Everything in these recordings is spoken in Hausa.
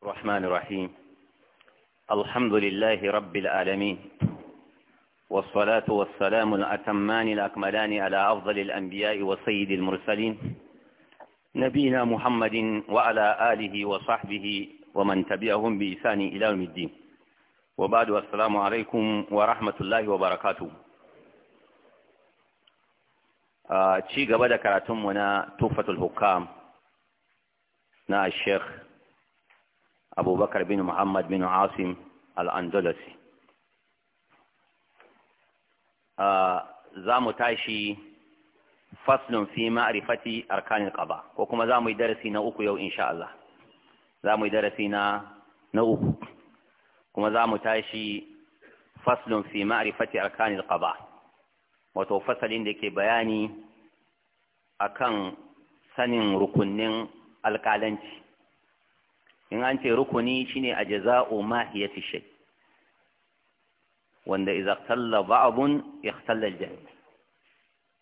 الرحمن الرحيم الحمد لله رب العالمين والصلاة والسلام الأتمان الأكملان على أفضل الأنبياء وسيد المرسلين نبينا محمد وعلى آله وصحبه ومن تبعهم بإحسان إلى يوم الدين وبعد السلام عليكم ورحمة الله وبركاته آه، شيء قبل da ونا توفة الحكام نا الشيخ abubakar bin muhammad bin asim al'andalusi za mu tashi faslun fi arkanin ƙaba ko kuma za mu yi darasi na uku yau insha Allah za mu yi darasi na uku kuma za mu tashi faslun fi arkanin ƙaba. wato fasalin da ke bayani akan sanin rukunin alkalanci in an ce rukuni shine a jaza'u mahiyati shay wanda idza ba'abun, ba'dun ikhtalla al-jami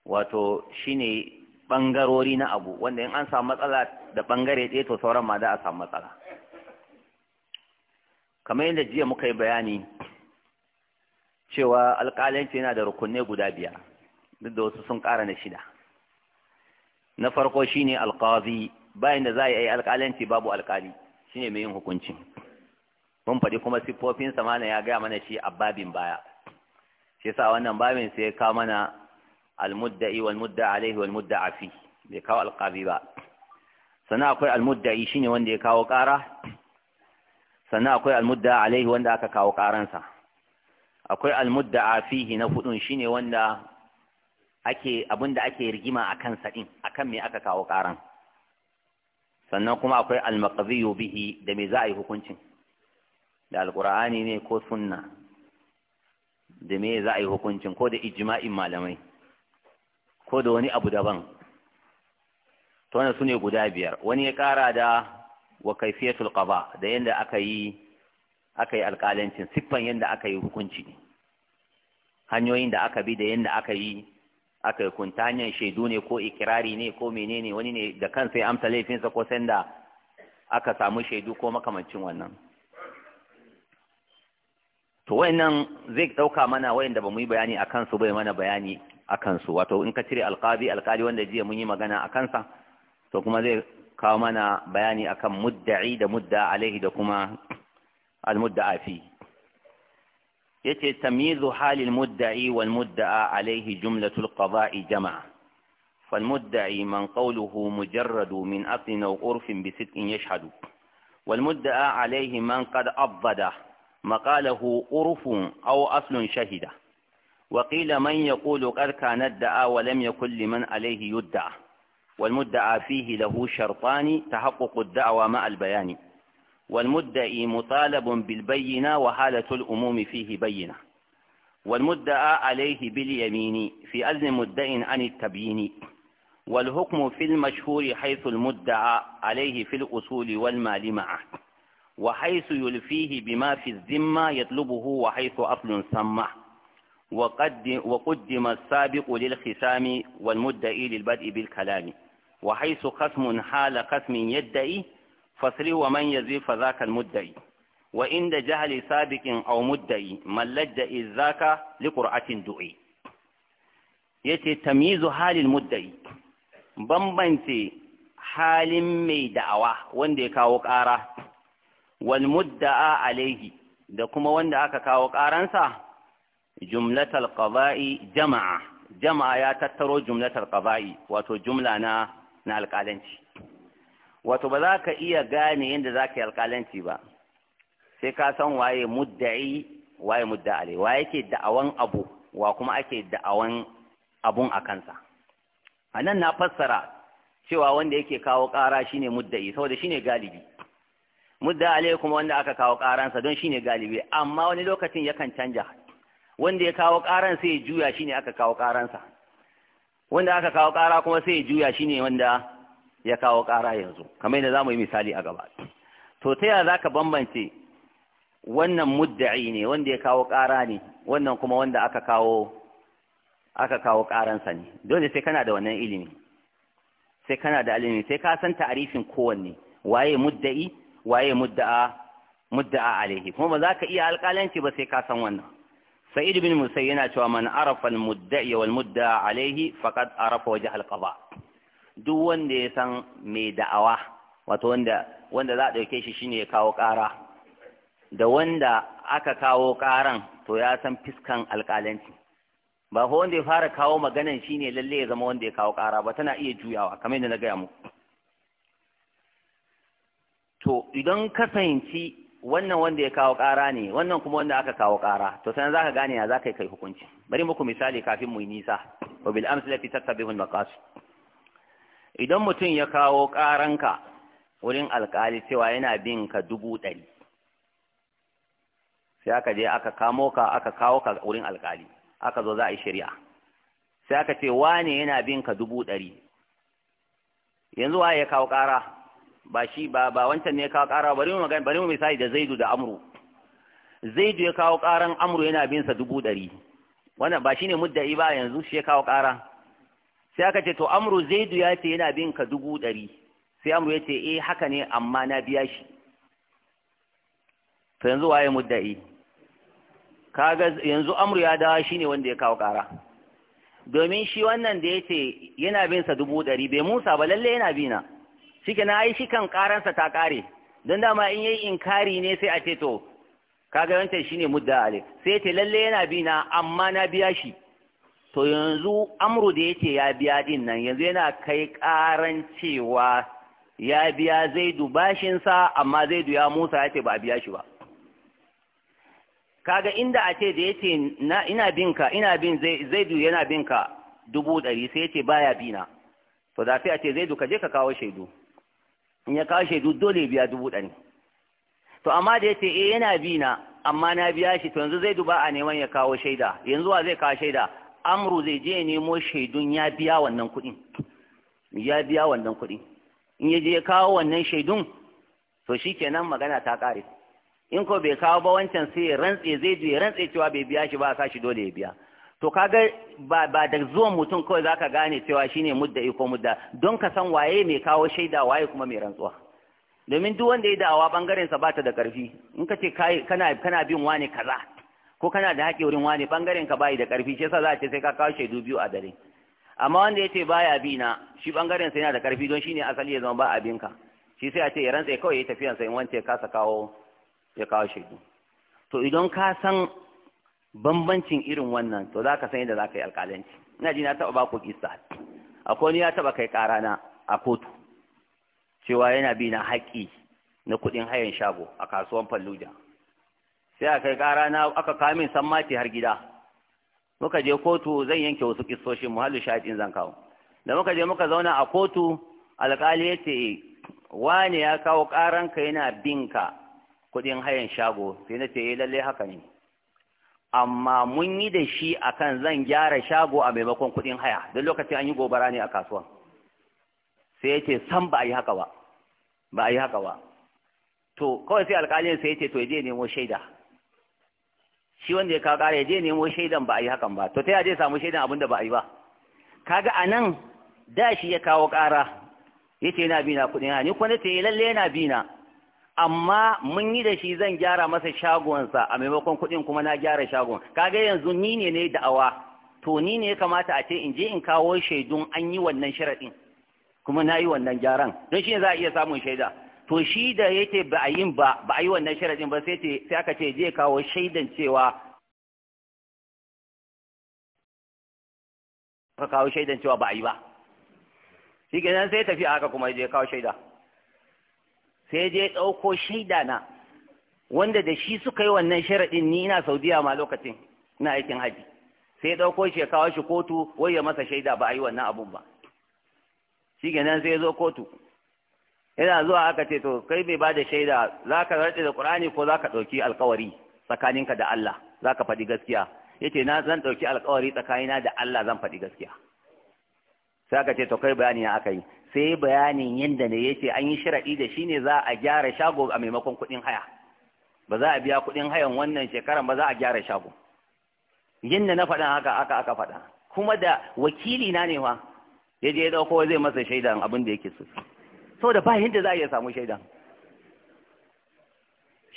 wato shine bangarori na abu wanda in an samu matsala da bangare ɗaya to sauran ma da a samu matsala kamar yadda jiya muka yi bayani cewa alƙalanci yana da rukunne guda biyar duk da wasu sun ƙara na shida na farko shine alƙazi bayan da za a yi alƙalanci babu alƙali Shi ne mai yin hukuncin mun faɗi kuma siffofin Samana mana ya gaya mana shi a babin baya shi sa wannan babin sai ya kawo mana almudda'i wal mudda alaihi wal mudda afi bai kawo alƙabi ba sannan akwai almudda'i ne wanda ya kawo ƙara sannan akwai almudda alaihi wanda aka kawo ƙaransa akwai almudda afihi na hudun ne wanda ake abinda ake rigima akan sadin akan me aka kawo ƙaran sannan kuma akwai almakaziyu bihi da me za a yi hukuncin da alqur'ani ne ko sunna da me za a yi hukuncin ko da ijma'in malamai ko da wani abu daban to wannan sune guda biyar wani ya kara da wa kaifiyatul qada da yanda aka yi aka yi alƙalancin siffan yanda aka yi hukunci hanyoyin da aka bi da yanda aka yi aka yi kunta hanyar shaidu ne ko ikirari ne ko menene wani ne da kansa ya amsa laifinsa ko sanda aka samu shaidu ko makamancin wannan to wayannan zai ɗauka mana wayanda ba mu yi bayani a kansu, bai mana bayani a kansu. wato in ka cire alqabi alkali wanda jiya mun yi magana a kansa, to kuma zai kawo mana bayani akan mudda'i da mudda alaihi da kuma al muddaafi يتي تمييز حال المدعي والمدعى عليه جملة القضاء جمع فالمدعي من قوله مجرد من أصل أو أرف بصدق يشهد والمدعى عليه من قد أضد مقاله أرف أو أصل شهد وقيل من يقول قد كان الدعاء ولم يكن لمن عليه يدعى والمدعى فيه له شرطان تحقق الدعوى مع البيان والمدعي مطالب بالبينة وحالة الأموم فيه بينة والمدعى عليه باليمين في أذن مدع عن التبيين والحكم في المشهور حيث المدعى عليه في الأصول والمال معه وحيث يلفيه بما في الذمة يطلبه وحيث أصل سمع وقد وقدم السابق للخسام والمدعي للبدء بالكلام وحيث خصم حال خصم يدعي fasri wa man yazi fa zaka al-mudda'i wa inda jahli sabiqin aw mudda'i man ladda'i zaka li qur'atin du'i yace tamyizu halin mudda'i bambance halin mai da'awa wanda ya kawo ƙara wal mudda'a alaihi da kuma wanda aka kawo ƙaransa jumlatal qada'i jama'a jama'a ya tattaro jumlatal qada'i wato jumla na na alƙalanci wato ba za ka iya gane yadda za ka yi alƙalanci ba sai ka san waye mudda'i waye mudda'ale waye ke da'awan abu wa kuma ake da'awan abun a kansa a nan na fassara cewa wanda yake kawo ƙara shine mudda'i saboda shine galibi mudda'ale kuma wanda aka kawo ƙaransa don shine galibi amma wani lokacin yakan canja wanda ya kawo ƙaran sai ya juya shine aka kawo ƙaransa wanda aka kawo ƙara kuma sai ya juya shine wanda ya kawo ƙara yanzu kamar yadda za mu yi misali a gaba to ta yaya za ka bambance wannan mudda'i ne wanda ya kawo ƙara ne wannan kuma wanda aka kawo aka kawo ƙaransa ne dole sai kana da wannan ilimi sai kana da ilimi sai ka san ta'arifin kowanne waye mudda'i waye mudda'a mudda'a alaihi kuma ba za ka iya alƙalanci ba sai ka san wannan sa'id bin musayyana cewa man arafa al-mudda'i wal mudda'a alaihi faqad arafa wajh al duk wanda ya san mai da'awa wato wanda wanda za a ɗauke shi shine ya kawo ƙara da wanda aka kawo ƙaran to ya san fiskan alƙalanci ba ko wanda ya fara kawo maganan ne lalle ya zama wanda ya kawo ƙara ba tana iya juyawa kamar yadda na gaya muku to idan ka fahimci wannan wanda ya kawo ƙara ne wannan kuma wanda aka kawo ƙara to sanan ka gane ya yi kai hukunci bari muku misali kafin mu yi nisa wa bil amsalati tatabihul maqasid idan mutum ya kawo ƙaranka wurin alkali cewa yana bin ka dubu ɗari sai aka je aka kamo ka aka kawo ka wurin alkali aka zo za a yi shari'a sai aka ce wane yana bin ka dubu ɗari yanzu waye ya kawo ƙara ba shi ba ba wancan ne ya kawo ƙara bari mu magana bari mu misali da zaidu da amru zaidu ya kawo ƙaran amru yana bin sa dubu ɗari wannan ba shine mudda'i ba yanzu shi ya kawo ƙara sai aka ce to amru zaidu ya ce yana bin ka dubu ɗari sai amru ya ce eh haka ne amma na biya shi to yanzu waye mudda'i kaga yanzu amru ya dawa shine wanda ya kawo ƙara domin shi wannan da ya ce yana bin sa dubu ɗari bai musa ba lalle yana bina shike na ai shi kan karansa ta ƙare don dama in yayi inkari ne sai a ce to kaga wancan shine mudda alif sai ya ce lalle yana bina amma na biya shi to yanzu amru da yace ya biya din nan yanzu yana kai karan cewa ya biya zaidu bashinsa amma zaidu ya musa ya ce ba a biya shi ba kaga inda a ce da yace na ina binka ina bin zaidu yana binka dubu ɗari sai ce baya bina to da sai a ce zaidu ka je ka kawo shaidu in ya kawo shaidu dole biya dubu ɗari to amma da yace eh yana bina amma na biya shi to yanzu zaidu ba a neman ya kawo shaida yanzu wa zai kawo shaida amru zai je ya nemo shaidun ya biya wannan kuɗin ya biya wannan kuɗi in ya je kawo wannan shaidun to shi kenan magana ta ƙare in ko bai kawo ba wancan sai ya rantse zai je ya rantse cewa bai biya shi ba a shi dole ya biya to kaga ba ba da zuwan mutum kawai zaka gane cewa shine mudda ko mudda don ka san waye mai kawo shaida waye kuma mai rantsuwa domin duk wanda ya da'awa bangaren sa bata da karfi in ka ce kana kana bin wani kaza ko kana da haƙƙi wurin wani bangaren ka bayi da ƙarfi shi yasa za a ce sai ka kawo shaidu biyu a dare amma wanda ya ce baya bi na shi bangaren sai yana da ƙarfi don shine asali ya zama ba abin ka shi sai a ce ya rantsa kawai ya tafiyan sa in wance ya kasa kawo ya kawo shaidu to idan ka san bambancin irin wannan to za ka san yadda za ka yi alƙalanci ina ji na taɓa ba ku kisa akwai ni ya taɓa kai ƙara na a kotu cewa yana bi na haƙƙi na kuɗin hayan shago a kasuwan Fallujah sai aka kai ƙara na aka kawo san sammati har gida muka je kotu zan yanke wasu kissoshin muhallu shahidin zan kawo da muka je muka zauna a kotu alƙali ya ce wane ya kawo ka yana bin ka kuɗin hayan shago sai na ce eh, lallai haka ne amma mun yi da shi akan zan gyara shago a maimakon kuɗin haya don lokacin an yi gobara ne a kasuwan sai ya ce san ba a yi haka ba ba a yi haka ba to kawai sai alƙalin sai ya ce to je nemo shaida shi wanda ya kawo ƙara ya je nemo shaidan ba a yi hakan ba to ta yaje samu shaidan abin da ba a yi ba kaga a nan da shi ya kawo ƙara ya ce yana bina kuɗi na ni kuma ta yi eh, lalle yana bina amma mun yi da shi zan gyara masa shagonsa a maimakon kuɗin kuma na gyara shagon kaga yanzu ni ne na yi da'awa to ni ne ya kamata a ce in je in kawo shaidun an yi wannan sharaɗin kuma na yi wannan gyaran don shi ne za a iya samun shaida to shi da yake ba a ba a yi wannan sharaɗin ba sai aka ce je kawo shaidan cewa ka kawo shaidan cewa ba a yi ba shi kenan sai tafi a haka kuma je kawo shaida sai je ɗauko shaida na wanda da shi suka yi wannan sharaɗin ni ina saudiya ma lokacin na aikin haji sai ɗauko shi ya kawo shi kotu wai ya masa shaida ba a yi wannan abun ba shi kenan sai ya zo kotu yana zuwa aka ce to kai mai bada shaida za ka rantsa da Qur'ani ko za ka ɗauki alƙawari tsakaninka da Allah za ka faɗi gaskiya yace na zan ɗauki alƙawari tsakanina da Allah zan faɗi gaskiya sai aka ce to kai bayani ya aka yi sai bayanin yadda ne yace an yi shiraɗi da shi ne za a gyara shago a maimakon kuɗin haya ba za a biya kuɗin hayan wannan shekaran ba za a gyara shago yadda na faɗa haka aka aka faɗa kuma da wakili na ne ma ya je ya ɗauko zai masa shaidan abin da yake so saboda ba yadda za a iya samu shaidan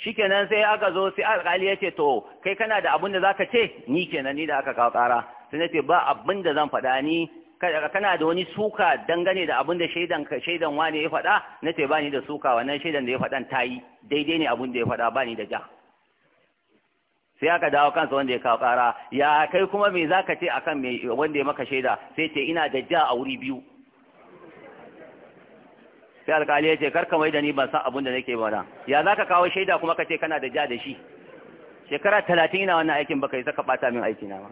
shikenan sai aka zo sai alƙali ya ce to kai kana da abin da ka ce ni kenan ni da aka kawo ƙara sai na ce ba abin da zan faɗa ni kana da wani suka dangane da abin da shaidan shaidan wani ya faɗa na ce ba ni da suka wannan shaidan da ya faɗan ta yi daidai ne abin da ya faɗa ba ni da ja sai aka dawo kansa wanda ya kawo ƙara ya kai kuma me za ka ce akan wanda ya maka shaida sai ce ina da ja a wuri biyu sai alkali ya ce karka mai da ni ban san abin da nake ba ya za ka kawo shaida kuma ka ce kana da ja da shi shekara talatin ina wannan aikin baka yi saka bata min aiki na ba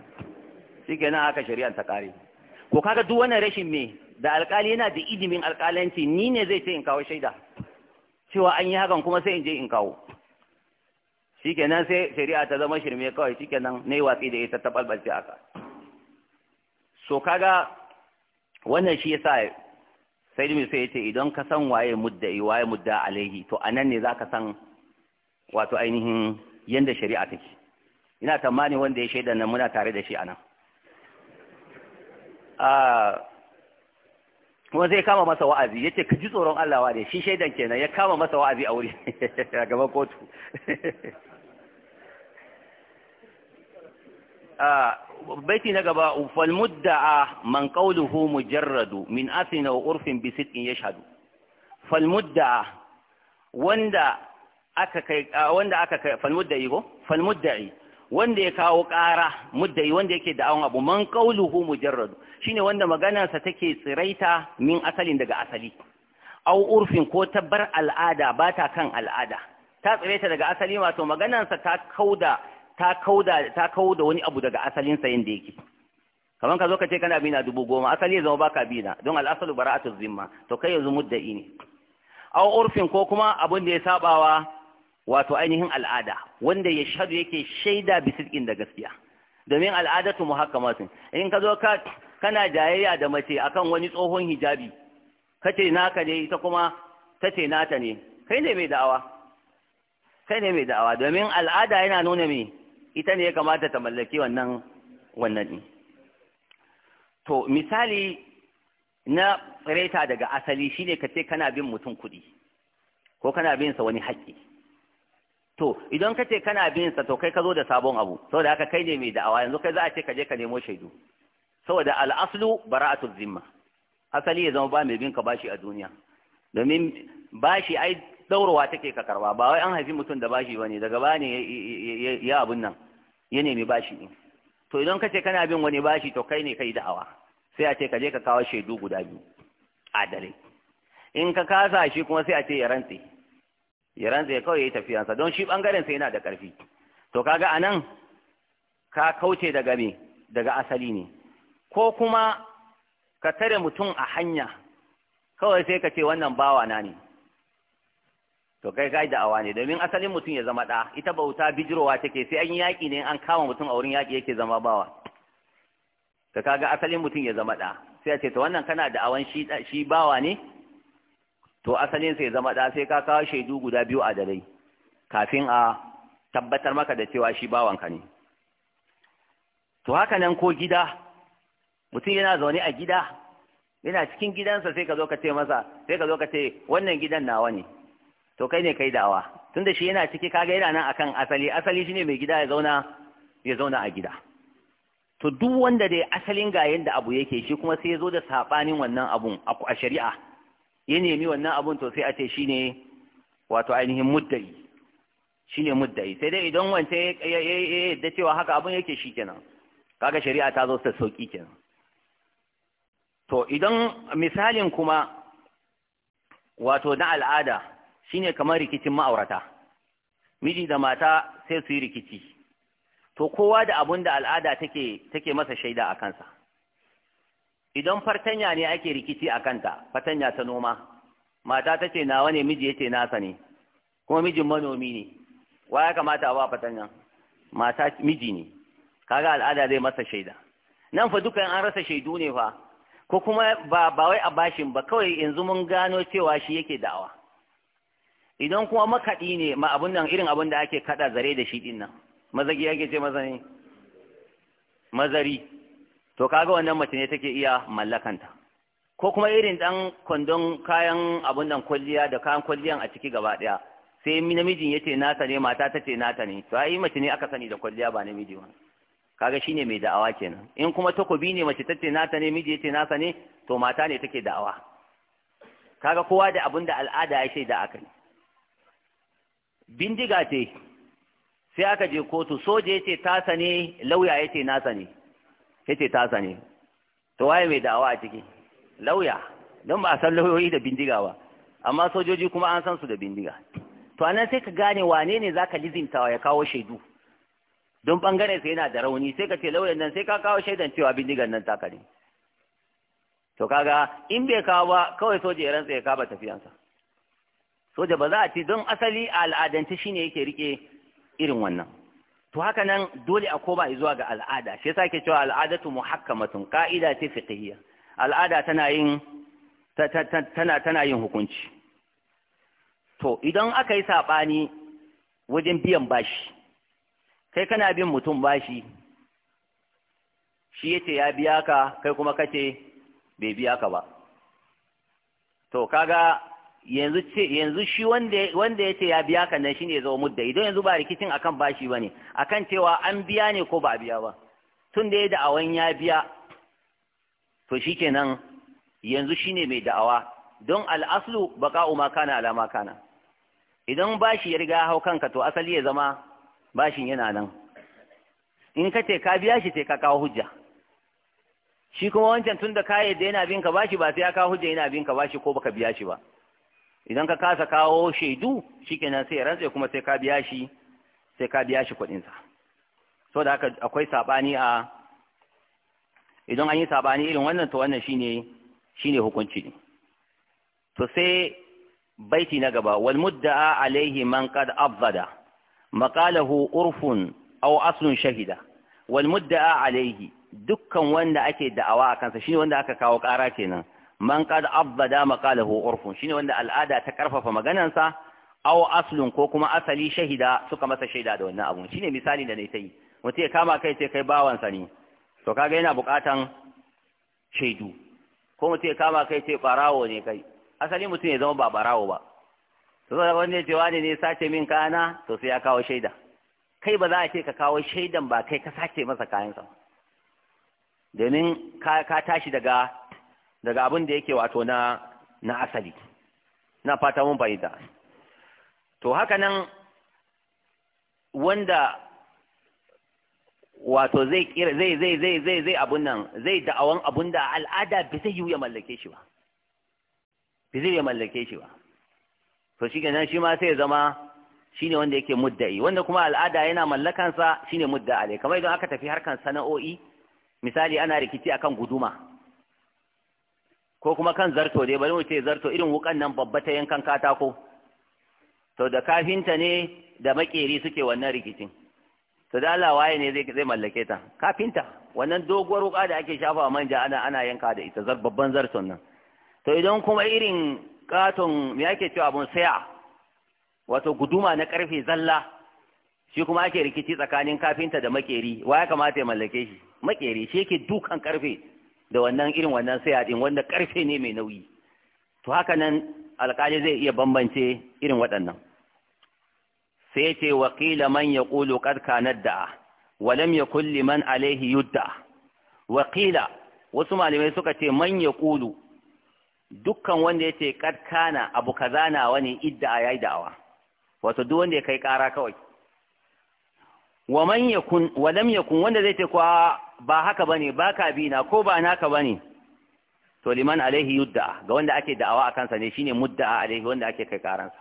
shi ke nan aka shari'ar ta kare ko kaga duk wannan rashin me da alkali yana da ilimin alkalanci ni ne zai ce in kawo shaida cewa an yi hakan kuma sai in je in kawo shi ke nan sai shari'a ta zama shirme kawai shi ke nan na yi watsi da ita ta balbalce aka so kaga wannan shi ya sa sai da sai yace idan ka san waye yi, waye mudda alaihi to anan ne zaka san wato ainihin yanda shari'a take ina tamani wanda ya shaida nan muna tare da shi anan ah kuma zai kama masa wa'azi yace ka ji tsoron Allah wa ne shi shaidan kenan ya kama masa wa'azi a wuri a gaban kotu baiti na gaba fal mudda'a man qawluhu mujarradu min asina wa urfin bi sidqin yashhadu fal mudda'a wanda aka kai wanda ko fal wanda ya kawo ƙara mudda'i wanda yake da abu man qawluhu mujarradu shine wanda maganarsa take tsiraita min asalin daga asali au urfin ko tabbar al'ada ba ta kan al'ada ta tsiraita daga asali wato maganarsa ta kauda ta kauda da wani abu daga asalin sa da yake Kamar ka zo ka ce kana bi na dubu goma asali ya zama baka bi na don al'asalu ta zimma to kai yanzu mudda'i ne a urfin ko kuma abin da ya sabawa wato ainihin al'ada wanda ya shaɗu yake shaida bi sidqin da gaskiya domin al'adatu muhakkamatin in ka zo ka kana jayayya da mace akan wani tsohon hijabi kace naka ne ita kuma nata ne kai ne mai da'awa kai ne mai da'awa domin al'ada yana nuna me ita ne ya kamata ta mallaki wannan wannan to misali na reta daga asali shine ka ce kana bin mutum kuɗi ko kana bin sa wani haƙƙi to idan ka ce kana bin sa to kai ka zo da sabon abu saboda haka kai ne mai da'awa yanzu kai za a ce ka je ka nemo shaidu saboda al'aslu bara'atu zimma asali ya zama ba mai bin ka bashi a duniya domin bashi ai daurawa take ka karba ba wai an haifi mutum da bashi wani. daga ba ne ya abin nan ya nemi bashi ne to idan ka ce kana bin wani bashi to kai ne kai da'awa sai a ce ka je ka kawo shaidu guda biyu adalai in ka kasa shi kuma sai a ce ya rantse ya rantse kawai ya yi tafiyansa don shi ɓangaren sai yana da ƙarfi to kaga a nan ka kauce daga me daga asali ne ko kuma ka tare mutum a hanya kawai sai ka ce wannan bawa na ne to kai kai da'awa ne domin asalin mutum ya zama ɗa ita bauta bijirowa take sai an yaki ne an kama mutum a wurin yaƙi yake zama bawa ka kaga asalin mutum ya zama ɗa sai a ce to wannan kana da'awan shi shi bawa ne to asalin sai zama ɗa sai ka kawo shaidu guda biyu a dalai kafin a tabbatar maka da cewa shi bawanka ne to haka nan ko gida mutum yana zaune a gida yana cikin gidansa sai ka zo ka ce masa sai ka zo ka ce wannan gidan nawa ne to kai ne kai dawa tunda shi yana ciki kaga yana nan akan asali asali shine mai gida ya zauna ya zauna a gida to duk wanda dai asalin ga yanda abu yake shi kuma sai ya zo da sabanin wannan abun a shari'a ya nemi wannan abun to sai a ce shine wato ainihin muddai shine muddai sai dai idan wance ya yadda cewa haka abun yake shi kenan kaga shari'a ta zo ta sauki kenan to idan misalin kuma wato na al'ada shine kamar rikicin ma'aurata miji da mata sai su yi rikici to kowa da abun da al'ada take take masa shaida a kansa idan fartanya ne ake rikici a kanta fartanya ta noma mata ta nawa ne miji yace nasa ne kuma mijin manomi ne wa ya kamata a ba fartanya mata miji ne kaga al'ada zai masa shaida nan fa dukan an rasa shaidu ne fa ko kuma ba ba wai a bashin ba kawai yanzu mun gano cewa shi yake da'awa idan kuma makaɗi ne ma abin nan irin abun da ake kaɗa zare da shi ɗin nan mazagi ake ce maza ne mazari to kaga wannan mace ne take iya mallakanta ko kuma irin ɗan kwandon kayan abun nan kwalliya da kayan kwalliyan a ciki gaba ɗaya sai namijin ya ce nata ne mata ta ce nata ne to ai mace ne aka sani da kwalliya ba namiji ba kaga shine mai da'awa kenan in kuma takobi ne mace ta ce nata ne miji ya ce nata ne to mata ne take da'awa kaga kowa da abun da al'ada ya shaida akai bindiga ce sai aka je kotu soja yace tasa ne lauya yace nasa ne yace tasa ne to waye mai da'awa a ciki lauya don ba san lauyoyi da bindiga ba amma sojoji kuma an san su da bindiga to anan sai ka gane wane ne zaka lizintawa ya kawo shaidu don bangare sai yana da rauni sai ka ce lauyan nan sai ka kawo shaidan cewa bindigan nan taka ne to kaga in bai kawo ba kawai soja ya rantsa ya kaba tafiyansa soja ba za a ce don asali a al'adance shi ne yake rike irin wannan to haka nan dole a koma zuwa ga al'ada shi yasa ke cewa al'adatu muhakkamatun ka'ida ce fiqhiyya al'ada tana yin tana tana yin hukunci to idan aka yi saɓani wajen biyan bashi kai kana bin mutum bashi shi yace ya biya ka kai kuma kace bai biya ka ba to kaga yanzu ce yanzu shi wanda wanda yace ya biya kan nan shine ya zama mudda, idan yanzu ba rikicin akan bashi bane akan cewa an biya ne ko ba biya ba tun da ya awan ya biya to shikenan yanzu shine mai da'awa don al'aslu baqa'u ma kana ala ma kana idan bashi ya riga hau kanka to asali ya zama bashin yana nan in ka ce ka biya shi sai ka kawo hujja shi kuma wancan tun da yana bin ka bashi ba sai ya kawo hujja yana bin ka bashi ko baka biya shi ba idan ka kasa kawo shaidu shikenan sai ya rantse kuma sai ka biya shi sai ka biya shi kuɗin sa so da haka akwai sabani a idan an yi sabani irin wannan to wannan shine shine hukunci ne to sai baiti na gaba wal mudda'a alaihi man qad afzada maqalahu urfun aw aslun shahida wal mudda'a alaihi dukkan wanda ake da'awa a kansa shine wanda aka kawo ƙara kenan man qad abada maqalahu urfun shine wanda al'ada ta karfafa maganansa aw aslun ko kuma asali shahida suka masa shaida da wannan abun shine misali da nayi tai mutum ya kama kai sai kai bawansa ne to kaga yana bukatan shaidu ko mutum ya kama kai sai barawo ne kai asali mutum ya zama ba barawo ba to sai wanda ya ce wani ne sace min kana to sai ya kawo shaida kai ba za a ce ka kawo shaidan ba kai ka sace masa kayan sa domin ka tashi daga daga abin da yake wato na na asali na fata mun fahimta to haka nan wanda wato zai kira zai zai zai zai zai abun nan zai da'awan abun da al'ada bai zai yi ya mallake shi ba bai zai ya mallake shi ba to shi kenan shi ma sai zama shine wanda yake mudda'i wanda kuma al'ada yana mallakansa shine mudda'a ne kamar idan aka tafi harkan sana'o'i misali ana rikici akan guduma ko kuma kan zarto dai bari mu ce zarto irin wukan nan babba ta yankan katako to da kafinta ne da makeri suke wannan rikicin to da Allah waye ne zai zai mallake ta kafinta wannan doguwar wuka da ake shafa manja ana ana yanka da ita zar babban zarton nan to idan kuma irin katon me yake cewa abun saya wato guduma na karfe zalla shi kuma ake rikici tsakanin kafinta da makeri wa ya kamata ya mallake shi makeri shi yake dukan karfe da wannan irin wannan saya din wanda karfe ne mai nauyi to haka nan alkali zai iya bambance irin waɗannan sai ce wakila man ya ƙulu ƙarƙa na da'a walam ya kulli man alaihi yudda wakila wasu malamai suka ce man ya ƙulu dukkan wanda ya ce ƙarƙana abu zana wani idda ya yi da'awa wato duk wanda ya kai ƙara kawai wa man lam ya kun wanda zai ce kwa ba haka bane ba ka bi na ko ba naka bane to liman alaihi yudda ga wanda ake da'awa a kansa ne shine mudda'a alaihi wanda ake kai karansa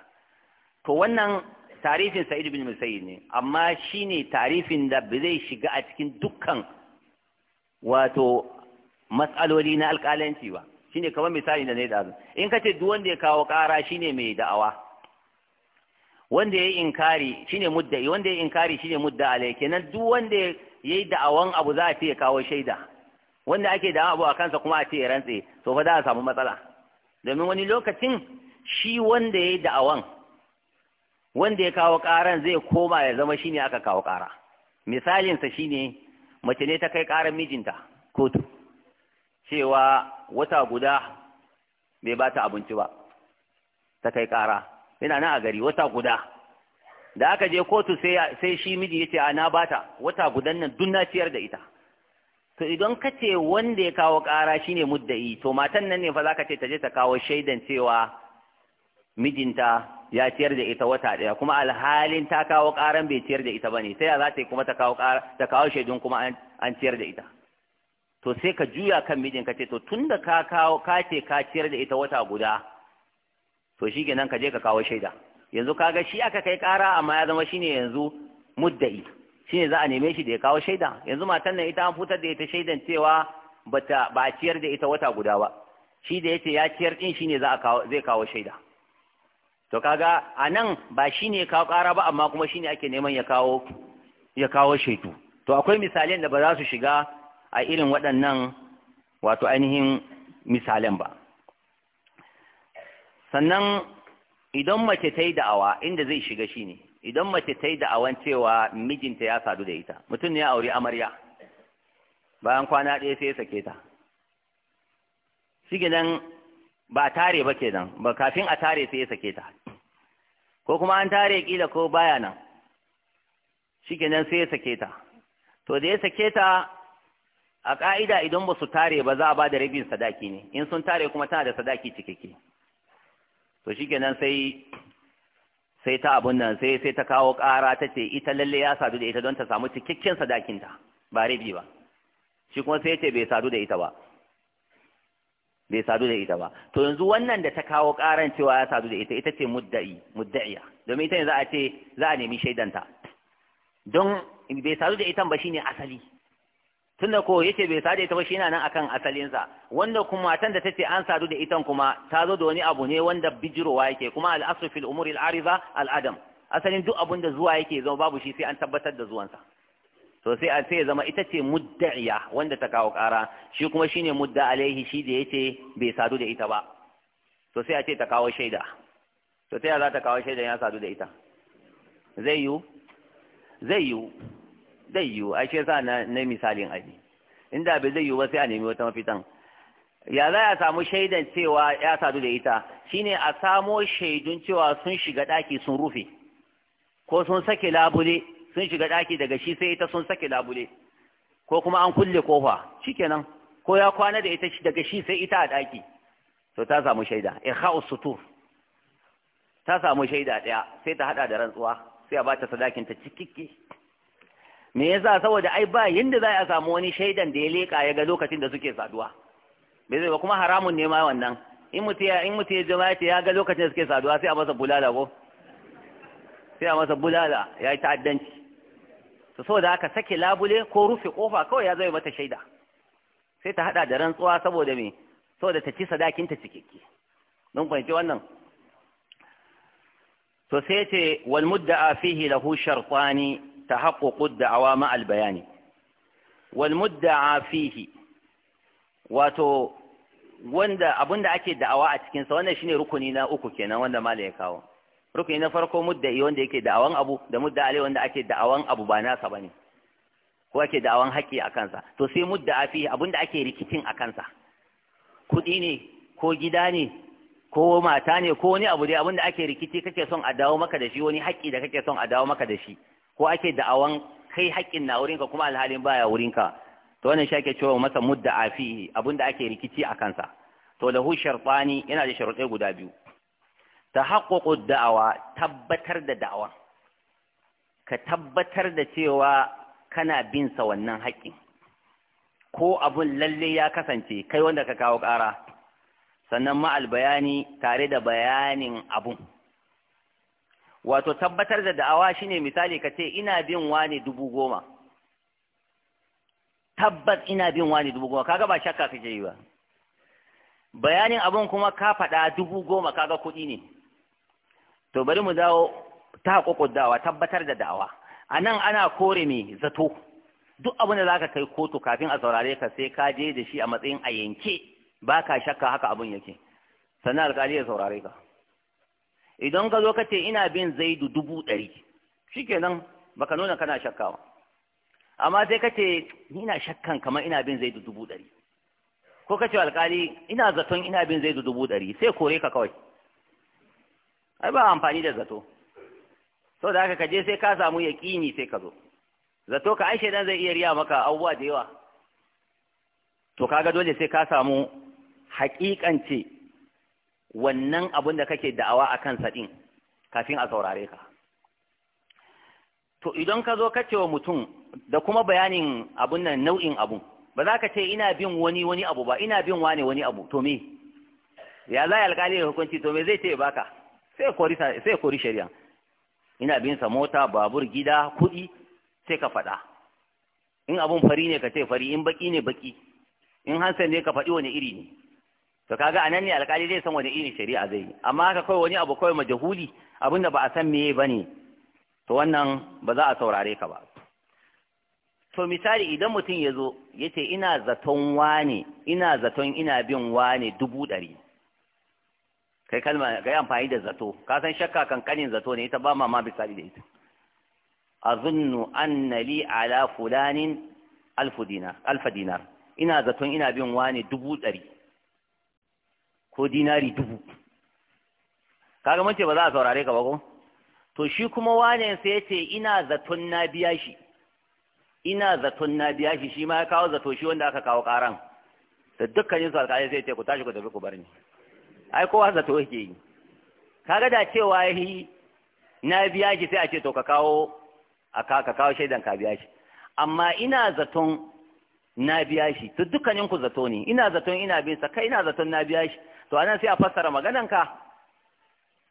to wannan tarifin sa'id bin musayyid ne amma shine tarifin da ba zai shiga a cikin dukkan wato matsaloli na alƙalanci ba shine kamar misali da na yi dazu in ka ce duk wanda ya kawo kara shine mai da'awa wanda ya yi inkari shine mudda'i wanda ya yi inkari shine mudda'a alaihi kenan duk wanda yayi da'awan abu za a ce kawo shaida wanda ake da abu a kansa kuma a ce ya rantse to fa za a samu matsala domin wani lokacin shi wanda ya yi da'awan wanda ya kawo karan zai koma ya zama shi ne aka kawo kara Misalinsa shi ne, mace ne ta kai karan mijinta kotu cewa wata guda bai ba ta abinci ba ta kai kara yana nan a gari wata guda da aka je kotu sai shi miji yace ana na bata wata gudan nan duk na ciyar da ita to idan ka ce wanda ya kawo kara shine mudda'i to matan nan ne fa zaka ce ta je ta kawo shaidan cewa mijinta ya ciyar da ita wata ɗaya kuma alhalin ta kawo ƙaran bai ciyar da ita bane sai ya za ta kuma ta kawo kara ta kawo shaidun kuma an ciyar da ita to sai ka juya kan mijin ka ce to tunda ka kawo ka ce ka ciyar da ita wata guda to shikenan ka je ka kawo shaida yanzu kaga shi aka kai kara amma ya zama shine yanzu mudda'i shine za a neme shi da ya kawo shaida yanzu matan nan ita an fitar da ita shaidan cewa bata ba a ciyar da ita wata guda ba shi da yace ya ciyar din shine za a kawo zai kawo shaida to kaga anan ba shine ya kawo kara ba amma kuma shine ake neman ya kawo ya kawo shaidu to akwai misalan da ba za su shiga a irin waɗannan wato ainihin misalan ba sannan idan mace ta yi da'awa inda zai shiga shi ne idan mace ta yi da'awan cewa mijinta ya sadu da ita mutum ne ya auri amarya bayan kwana ɗaya sai ya sake ta shi nan ba tare ba kenan ba kafin a tare sai ya sake ta ko kuma an tare kila ko baya nan shi nan sai ya sake ta to da ya sake ta a ƙa'ida idan ba su tare ba za a ba da rabin sadaki ne in sun tare kuma tana da sadaki cikakke to kenan sai sai ta abun nan sai sai ta kawo ƙara ta ce ita lalle ya sadu da ita don ta samu cikakken sadakinta ba rabi ba shi kuma sai ce bai sadu da ita ba bai sadu da ita ba to yanzu wannan da ta kawo ƙaran cewa ya sadu da ita ita ce mudda'i mudda'iya domin ita ne za a ce za a nemi shaidanta don bai sadu da ita ba shine asali tunda ko yace bai sadu ita ba shi yana nan akan asalinsa wanda kuma matan da tace an sadu da ita kuma ta zo da wani abu ne wanda bijirowa yake kuma al-asru fil umuri al-ariza al-adam asalin duk abun da zuwa yake zama babu shi sai an tabbatar da zuwansa to sai a sai zama ita ce mudda'iya wanda ta kawo kara shi kuma shine mudda alaihi shi da yace bai sadu da ita ba to sai a ce ta kawo shaida to ta za ta kawo Shaida ya sadu da ita zai yiwu zai yiwu zai yiwu a shi sa na misalin aji inda bai zai yiwu ba sai a nemi wata mafitan ya za a samu shaidan cewa ya sadu da ita shine a samo shaidun cewa sun shiga daki sun rufe ko sun sake labule sun shiga daki daga shi sai ita sun sake labule ko kuma an kulle kofa shikenan ko ya kwana da ita daga shi sai ita a daki? to ta samu shaida ikha'us sutur ta samu shaida ɗaya sai ta haɗa da rantsuwa sai a bata sadakin ta cikikki me yasa saboda ai ba yanda za a samu wani shaidan da ya leka ya ga lokacin da suke saduwa me zai ba kuma haramun ne ma wannan in mutum ya in mutum ya jama'a ya ga lokacin da suke saduwa sai a masa bulala ko sai a masa bulala ya yi ta'addanci to saboda haka sake labule ko rufe kofa kawai ya zama mata shaida sai ta hada da rantsuwa saboda me saboda ta ci sadakin ta cikakke don fahimci wannan to sai ce wal mudda'a fihi lahu shartani تحقق الدعوى مع البيان والمدعى فيه wato wanda abin da ake da'awa a cikinsa wannan shine rukuni na uku kenan wanda mala ya kawo rukuni na farko mudda'i wanda yake da'awan abu da mudda alai wanda ake da'awan abu ba nasa bane ko ake da'awan haƙƙi a kansa to sai mudda'a fi abin da ake rikicin a kansa kuɗi ne ko gida ne ko mata ne ko wani abu dai abin da ake rikici kake son a dawo maka da shi wani haƙƙi da kake son a dawo maka da shi ko ake da'awan kai haƙƙin na wurinka kuma alhalin baya wurinka to wannan shi ake cewa masa mudda afihi abinda ake rikici a kansa to lahu sharbani yana da sharuɗe guda biyu Ta tahaqququ da'awa tabbatar da da'awa ka tabbatar da cewa kana bin sa wannan haƙƙin ko abun lalle ya kasance kai wanda ka kawo ƙara sannan ma'al bayani tare da bayanin abun wato tabbatar da da'awa shine misali ka ce ina bin wani dubu goma tabbas ina bin wani dubu goma kaga ba shakka kake yi ba bayanin abun kuma ka faɗa dubu goma kaga kuɗi ne to bari mu dawo ta da'awa tabbatar da da'awa a nan ana kore mai zato duk abin da zaka kai kotu kafin a saurare ka sai ka je da shi a matsayin a yanke ba ka shakka haka abin yake sannan alƙali ya saurare ka idan ka zo ka ce ina bin zaidu dubu ɗari shikenan baka nuna kana shakkawa amma sai ka ce ni ina shakkan kamar ina bin zaidu dubu ɗari ko ka ce alkali ina zaton ina bin zaidu dubu ɗari sai kore ka kawai ai ba amfani da zato sau da haka ka je sai ka samu yaƙini sai ka zo zato ka aishe dan zai iya riya maka abubuwa da yawa to kaga dole sai ka samu haƙiƙance wannan abin da kake da'awa a kansa ɗin kafin a saurare ka to idan ka zo ce wa mutum da kuma bayanin abun nan nau'in abun ba za ka ce ina bin wani wani abu ba ina bin wane wani abu to me ya za alƙali da hukunci to me zai ce baka sai kori sai kori shari'a ina bin sa mota babur gida kuɗi sai ka faɗa in abun fari ne ka ce fari in baki ne baki in hansa ne ka faɗi wani iri ne to kaga anan ne alkali zai san wani irin shari'a zai yi amma haka kawai wani abu kawai majahuli abinda ba a san meye bane to wannan ba za a saurare ka ba to misali idan mutum ya zo ya ce ina zaton wane ina zaton ina bin wane dubu ɗari kai kalma kai amfani da zato ka san shakka kankanin zato ne ita ba mama misali da ita azunnu anna li ala fulanin alfu dinar dinar ina zaton ina bin wane dubu ɗari ko dinari dubu kaga mace ba za a saurare ka ba ko to shi kuma wane sai ce ina zaton na biya shi ina zaton na biya shi shi ma ya kawo zato shi wanda aka kawo karan da dukkanin su alƙalai sai ce ku tashi ku tafi ku bar ni ai kowa zato yake yi kaga da cewa yi na biya shi sai a ce to ka kawo a ka kawo shaidan ka biya shi amma ina zaton na biya shi to dukkanin ku zato ne ina zaton ina bin sa kai ina zaton na biya shi to anan sai a fassara magananka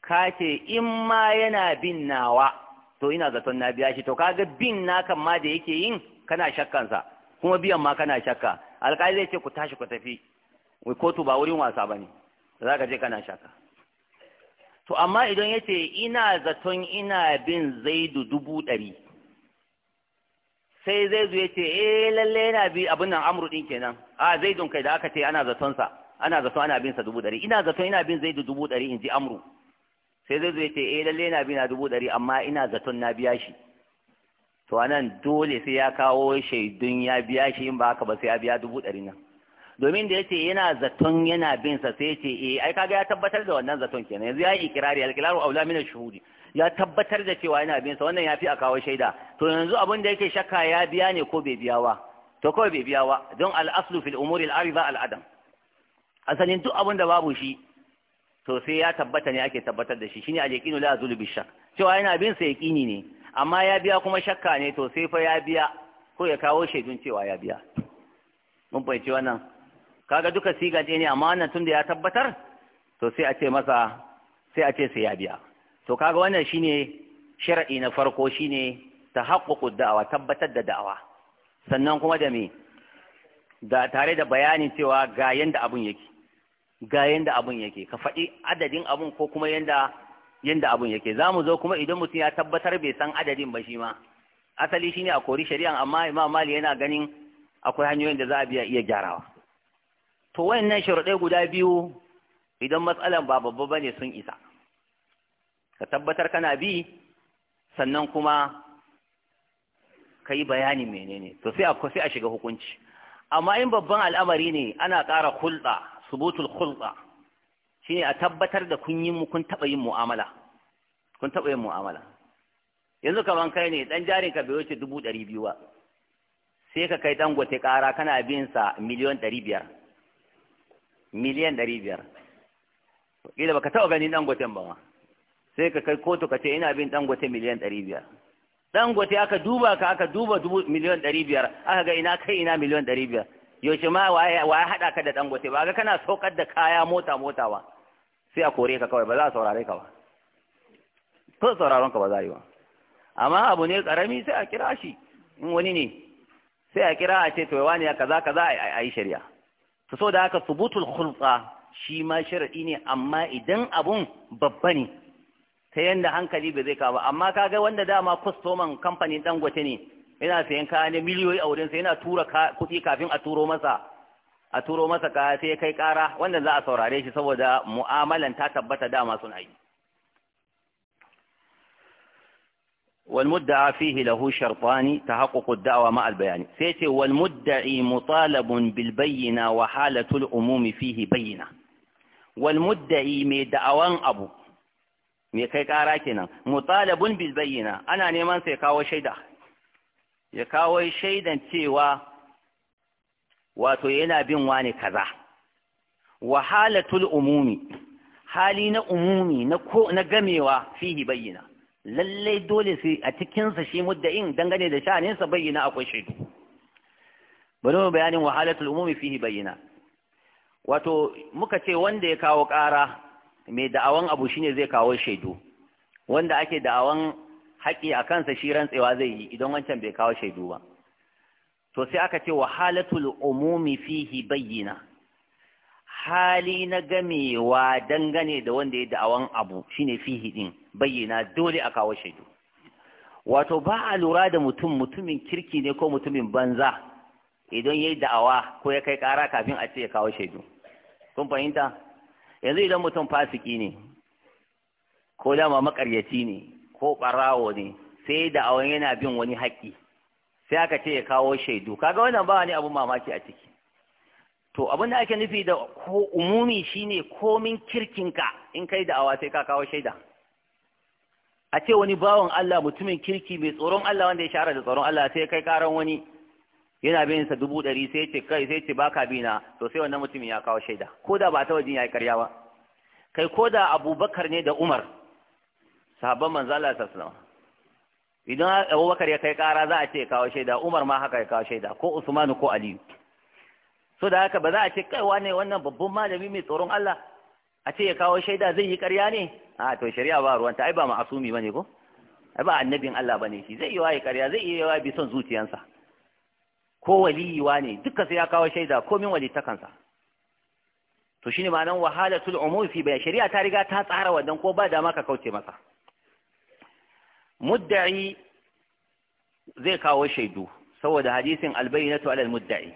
ka ce in ma yana bin nawa to ina zaton na biya shi to kaga bin naka ma da yake yin kana shakkansa kuma biyan ma kana shakka alƙali zai ce ku tashi ku tafi wai kotu ba wurin wasa bane za ka je kana shakka to amma idan yace ina zaton ina bin zaidu dubu ɗari sai zai ya ce eh lalle yana bi abin nan amru ɗin kenan a ah, zaidun kai da aka ce ana zaton sa. ana zaton ana bin sa dubu ɗari ina zaton ina bin zai da dubu ɗari in ji amru sai zai zo ce eh lalle ina bin na dubu ɗari amma ina zaton na biya shi to anan dole sai ya kawo shaidun ya biya shi in ba haka ba sai ya biya dubu ɗari nan domin da yace yana zaton yana bin sa sai yace eh ai kaga ya tabbatar da wannan zaton kenan yanzu ya yi ikrari al-iqraru aula min ash-shuhudi ya tabbatar da cewa yana bin sa wannan yafi a kawo shaida to yanzu abin da yake shakka ya biya ne ko bai biya ba to kawai bai biya ba don al-aslu fil umuri al ariba al-adam asalin duk abin da babu shi to sai ya tabbata ne ake tabbatar da shi shine al-yaqinu la zulu bishak cewa yana bin sa yaqini ne amma ya biya kuma shakka ne to sai fa ya biya ko ya kawo shaidun cewa ya biya mun fahimci wannan kaga duka siga ne amma wannan tunda ya tabbatar to sai a ce masa sai a ce sai ya biya to kaga wannan shine shar'i na farko shine tahaqququd da'awa tabbatar da da'awa sannan kuma da me da tare da bayanin cewa ga yanda abun yake ga yanda abun yake ka faɗi adadin abun ko kuma yanda yanda abun yake za mu zo kuma idan mutum ya tabbatar bai san adadin ba shi ma asali shine a kori shari'an amma imam mali yana ganin akwai hanyoyin da za a biya iya gyarawa to wayannan sharuɗai guda biyu idan matsalan ba babba bane sun isa ka tabbatar kana bi sannan kuma ka yi bayani menene to sai a sai a shiga hukunci amma in babban al'amari ne ana ƙara hulɗa subutul khulqa shine a tabbatar da kun yi mu kun taba yin mu'amala kun taba yin mu'amala yanzu kaman kai ne dan jarin ka bai wuce dubu ɗari biyu ba sai ka kai gote ƙara kana bin sa miliyon ɗari biyar miliyan ɗari biyar kila baka taɓa ganin dangoten ba ma sai ka kai kotu ka ce ina bin gote miliyan ɗari biyar gote aka duba ka aka duba miliyan ɗari biyar aka ga ina kai ina miliyan ɗari biyar yaushe ma wa ya hada ka da dangote ba ga kana saukar da kaya mota mota ba sai a kore ka kawai ba za a saurare ka ba ko sauraron ka ba za a yi ba amma abu ne karami sai a kira shi in wani ne sai a kira a ce to wani ya kaza kaza a yi shari'a to so da haka subutul khulqa shi ma sharadi ne amma idan abun babba ne ta yanda hankali bai zai ka ba amma kaga wanda dama customer kamfanin dangote ne yana sayan kaya ne miliyoyi a wurinsa yana tura kuɗi kafin a turo masa a turo masa kaya sai kai ƙara wanda za a saurare shi saboda mu'amalan ta tabbata dama suna yi wal mudda fihi lahu shartani tahaqquq ad-da'wa ma'a al-bayani sai ce wal mudda'i mutalabun bil bayyina wa halatul umum fihi bayyina wal mudda'i mai da'awan abu mai kai kara kenan mutalabun bil bayyina ana neman ya kawo shaida ya kawo shaidan cewa wato yana bin wani kaza wahalatul umumi hali na umumi na ko na gamewa fihi bayyana lallai dole sai a cikinsa shi mudda'in dangane da sha'aninsa bayyana akwai shaidu bari mu bayanin wahalatul umumi fihi bayyana wato muka ce wanda ya kawo ƙara mai da'awan abu shine zai kawo shaidu wanda ake da'awan haƙi a kansa shi rantsewa zai yi idan wancan bai kawo shaidu ba to sai aka ce wahalatul umumi fihi bayyina hali na gamewa dangane da wanda ya da'awan abu shine fihi din bayyana dole a kawo shaidu wato ba a lura da mutum mutumin kirki ne ko mutumin banza idan ya yi da'awa ko ya kai ƙara kafin a ce ya kawo shaidu kun fahimta yanzu idan mutum fasiki ne ko dama makaryaci ne ko ɓarawo ne sai da awon yana bin wani haƙƙi sai aka ce ya kawo shaidu kaga wannan ba wani abun mamaki a ciki to abin da ake nufi da ko umumi shine komin kirkinka in kai da awa sai ka kawo shaida a ce wani bawan Allah mutumin kirki mai tsoron Allah wanda ya shahara da tsoron Allah sai kai karan wani yana bin sa dubu ɗari sai ce kai sai ce baka bina to sai wannan mutumin ya kawo shaida ko da ba ta wajen ya yi karya ba kai ko da Abubakar ne da Umar sahabban manzala ta sallama idan abubakar ya kai kara za a ce kawo shaida umar ma haka ya kawo shaida ko usmanu ko aliyu so da haka ba za a ce kai wane wannan babban malami mai tsoron Allah a ce ya kawo shaida zai yi ƙarya ne a to shari'a ba ruwanta ai ba ma'asumi bane ko ai ba annabin Allah bane shi zai yi waye ƙarya zai yi waye bi son zuciyarsa ko wali ne duka sai ya kawo shaida komin walitakansa to shine ma'anar wahalatul umur fi bayan shari'a ta riga ta tsara wannan ko ba dama ka kauce masa mudda'i zai kawo shaidu saboda hadisin albayyinatu alal mudda'i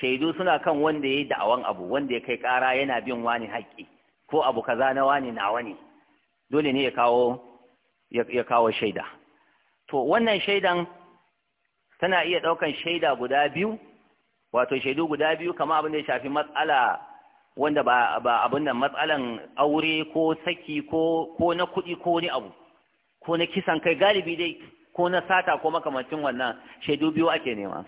shaidu suna kan wanda yayi da'awan abu wanda ya kai ƙara yana bin wani haƙƙi ko abu kaza na wani nawa ne dole ne ya kawo ya kawo shaida to wannan shaidan tana iya ɗaukan shaida guda biyu wato shaidu guda biyu kama abin da ya shafi matsala wanda ba abin nan matsalan aure ko saki ko na kuɗi ko wani abu ko na kisan kai galibi dai ko na sata ko makamancin wannan shaidu biyu ake nema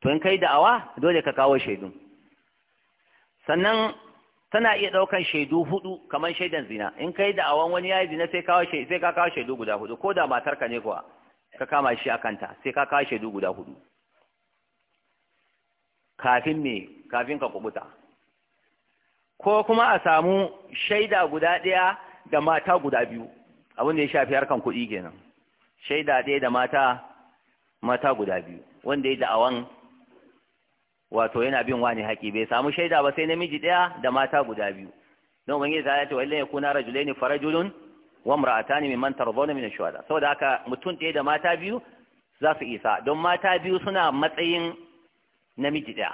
to in kai da'awa dole ka kawo shaidu sannan tana iya ɗaukan shaidu hudu kamar shaidan zina in kai da'awan wani yayi zina sai kawo shaidu sai ka kawo shaidu guda hudu ko da matarka ne kuwa ka kama shi a kanta sai ka kawo shaidu guda hudu kafin me kafin ka kubuta ko kuma a samu shaida guda ɗaya da mata guda biyu abin da ya shafi harkan kuɗi kenan shaida ɗaya da mata mata guda biyu wanda ya da'awan wato yana bin wani haƙi bai samu shaida ba sai namiji ɗaya da mata guda biyu don ubangiji ta ce wa na yakuna rajulaini farajulun wa imra'atani mimman tardawna min ash-shuhada saboda haka mutum ɗaya da mata biyu za su isa don mata biyu suna matsayin namiji ɗaya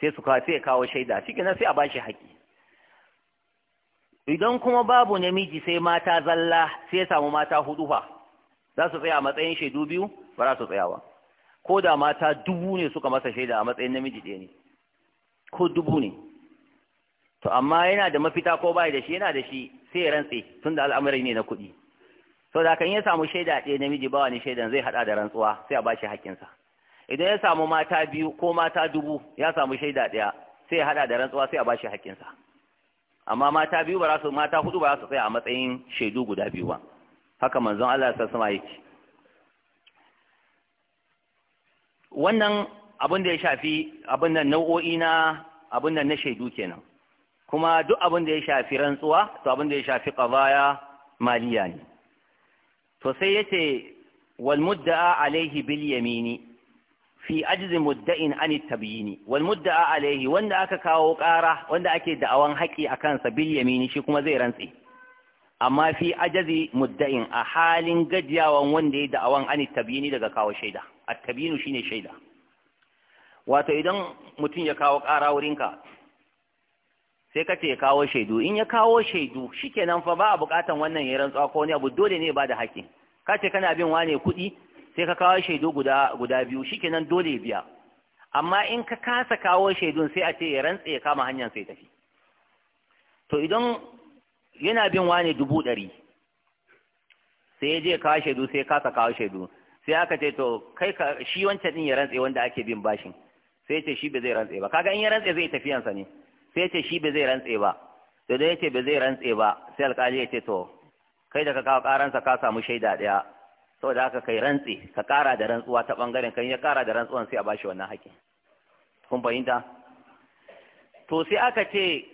sai su kawo kawo shaida cikin sai a bashi haƙi idan kuma babu namiji sai mata zalla sai ya samu mata hudu fa za su tsaya a matsayin shaidu biyu ba za su tsaya ba ko da mata dubu ne suka masa shaida a matsayin namiji ɗaya ne ko dubu ne to amma yana da mafita ko bai da shi yana da shi sai ya rantse tun da al'amari ne na kuɗi sau da kan ya samu shaida ɗaya namiji ba wani shaidan zai haɗa da rantsuwa sai a bashi hakinsa. idan ya samu mata biyu ko mata dubu ya samu shaida ɗaya sai ya haɗa da rantsuwa sai a bashi sa amma mata biyu ba za su mata hudu ba za su tsaya a matsayin shaidu guda biyu ba haka manzon Allah ya sama yake wannan abin da ya shafi abin nan nau'o'i na abin nan na shaidu kenan kuma duk abin da ya shafi rantsuwa to abin da ya shafi qadaya maliya ne to sai yace wal mudda'a alaihi bil yamini fi ajzi mudda'in an tabyini wal mudda'a alaihi wanda aka kawo ƙara wanda ake da'awan haƙi a kansa bil yamini shi kuma zai rantse amma fi ajazi mudda'in a halin gajiyawan wanda ya da'awan an tabyini daga kawo shaida at tabyinu shine shaida wato idan mutum ya kawo ƙara wurinka sai ka ce ya kawo shaidu in ya kawo shaidu shi shikenan fa ba a buƙatan wannan ya rantsuwa ko wani abu dole ne ba da haƙƙi ka ce kana bin wane kuɗi sai ka kawo shaidu guda guda biyu shikenan dole ya biya amma in ka kasa kawo shaidun sai a ce ya rantse ya kama hanyar sai tafi to idan yana bin wani dubu ɗari sai ya je kawo shaidu sai kasa kawo shaidu sai aka ce to kai ka shi wancan din ya rantse wanda ake bin bashin sai ce shi ba zai rantse ba kaga in ya rantse zai yansa ne sai ce shi ba zai rantse ba to dai yace ba zai rantse ba sai alƙali ya ce to kai da ka kawo karansa ka samu shaida ɗaya saboda haka kai rantse ka kara da rantsuwa ta bangaren kan ya kara da rantsuwan sai a bashi wannan haƙƙin kun fahimta to sai aka ce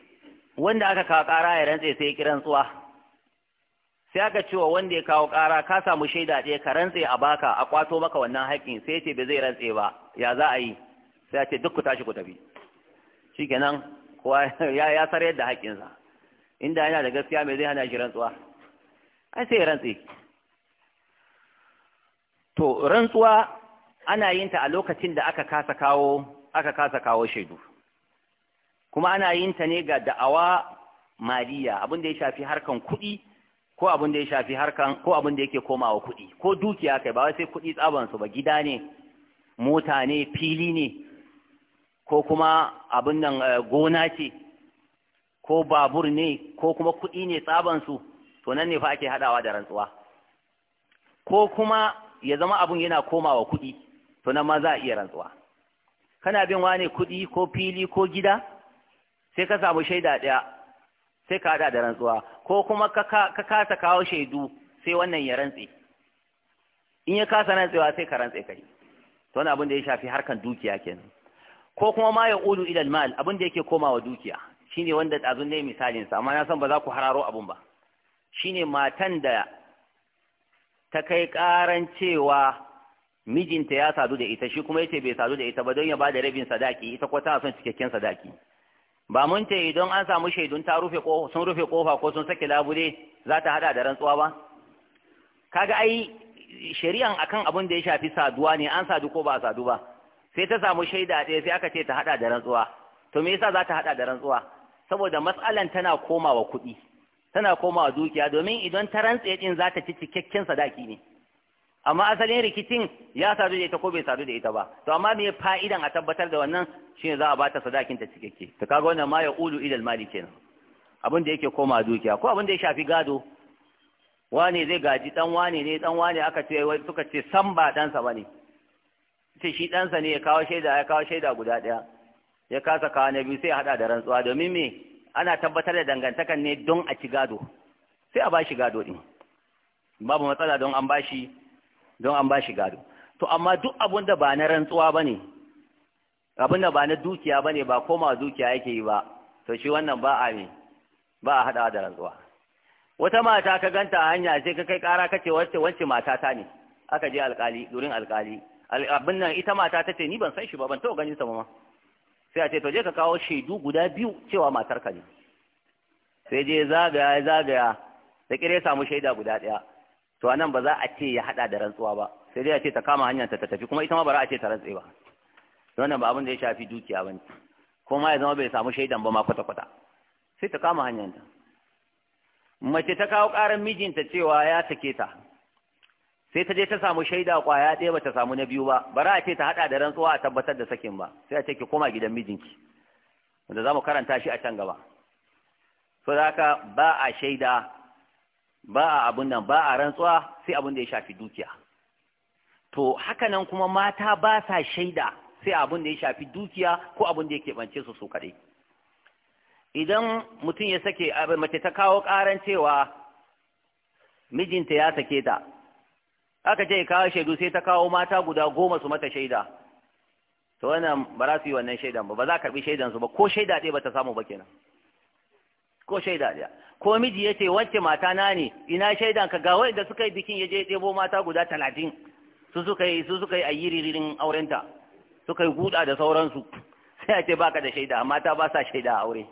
wanda aka kawo kara ya rantse sai ya ki rantsuwa sai aka ce wa wanda ya kawo kara ka samu shaida ɗaya ka rantse a baka a kwato maka wannan haƙƙin sai ce ba zai rantse ba ya za a yi sai ya ce duk ku tashi ku tafi shikenan kowa ya ya sarar da haƙƙinsa inda yana da gaskiya me zai hana shi rantsuwa ai sai ya rantse to rantsuwa ana yin ta a lokacin da aka kasa kawo aka kasa kawo shaidu kuma ana yin ta ne ga da'awa maliya abin da ya shafi harkan kuɗi ko abin da ya shafi harkan ko abin yake komawa kuɗi ko dukiya kai ba wai sai kuɗi tsaban su ba gida ne mota ne fili ne ko kuma abin nan eh, gona ce ko babur ne ko kuma kuɗi ne tsaban su to nan ne fa ake haɗawa da rantsuwa ko kuma ya zama abun yana komawa kuɗi to nan ma za a iya rantsuwa kana bin wane kuɗi ko fili ko gida sai ka samu shaida ɗaya sai ka haɗa da rantsuwa ko kuma ka kasa kawo shaidu sai wannan ya rantse in ya kasa rantsewa sai ka rantse kai to wani abin da ya shafi harkan dukiya kenan ko kuma ma ya ulu ilal mal abun da yake komawa dukiya shine wanda tsazun ne misalin sa amma na san ba za ku hararo abun ba shine matan da ta kai ƙaran cewa mijinta ya sadu da ita shi kuma yace bai sadu da ita ba don ya bada rabin sadaki ita kuwa tana son cikakken sadaki ba mun ce idan an samu shaidun ta rufe sun rufe kofa ko sun sake labule za ta hada da rantsuwa ba kaga ai shari'an akan abin da ya shafi saduwa ne an sadu ko ba a sadu ba sai ta samu shaida ɗaya sai aka ce ta hada da rantsuwa to me yasa za ta hada da rantsuwa saboda matsalan tana komawa kuɗi tana komawa dukiya domin idan ta rantse din za ta ci cikakken sadaki ne amma asalin rikicin ya sadu da ita ko bai sadu da ita ba to amma me fa'idan a tabbatar da wannan shine za a bata sadakin ta cikakke to kaga wannan ma ya ulu ila mali kenan abin da yake koma dukiya ko abin da ya shafi gado wane zai gaji dan wane ne dan wane aka ce wai suka ce san ba dan sa bane sai shi dan ne ya kawo shaida ya kawo shaida guda daya ya kasa kawo na biyu sai ya hada da rantsuwa domin me ana tabbatar da dangantakan ne don a ci gado sai a bashi gado din babu matsala don an bashi don an bashi gado to amma duk abun da ba na rantsuwa bane abun da ba na dukiya bane ba koma dukiya yake yi ba to shi wannan ba a ne, ba a hada da rantsuwa wata mata ka ganta a hanya sai ka kai kara kace wacce wacce mata ta ne aka je alkali durin alkali abin nan ita mata ta ce ni ban san shi ba ban taɓa ganin sa ba ma sai a ce to je ka kawo shaidu guda biyu cewa matarka ne sai je zagaya zagaya da kire samu shaida guda ɗaya to anan ba za a ce ya haɗa da rantsuwa ba sai dai a ce ta kama hanyar ta tafi kuma ita ma ba za a ce ta rantse ba wannan ba abin da ya shafi dukiya ba ne kuma ya zama bai samu shaidan ba ma kwata-kwata sai ta kama hanyar ta mace ta kawo karan mijinta cewa ya take ta sai ta je ta samu shaida kwaya ɗaya ba ta samu na biyu ba bara a ce ta haɗa da rantsuwa a tabbatar da sakin ba sai a ce ki koma gidan mijinki wanda za mu karanta shi a can gaba so haka ba a shaida ba a abun nan ba a rantsuwa sai abun da ya shafi dukiya to haka nan kuma mata ba sa shaida sai abun da ya shafi dukiya ko abun da ya keɓance su su kaɗai idan mutum ya sake mace ta kawo ƙaran cewa mijinta ya sake ta aka ce kawo shaidu sai ta kawo mata guda goma su mata shaida to wannan ba za su yi wannan shaidan ba ba za a karbi shaidan su ba ko shaida ɗaya ba ta samu ba kenan ko shaida ɗaya ko miji ya ce wacce mata na ne ina shaidan ka ga wanda suka yi bikin ya je ɗebo mata guda talatin su suka yi su suka yi ayyiririn aurenta suka yi guda da sauransu sai a ce baka da shaida mata ba sa shaida a aure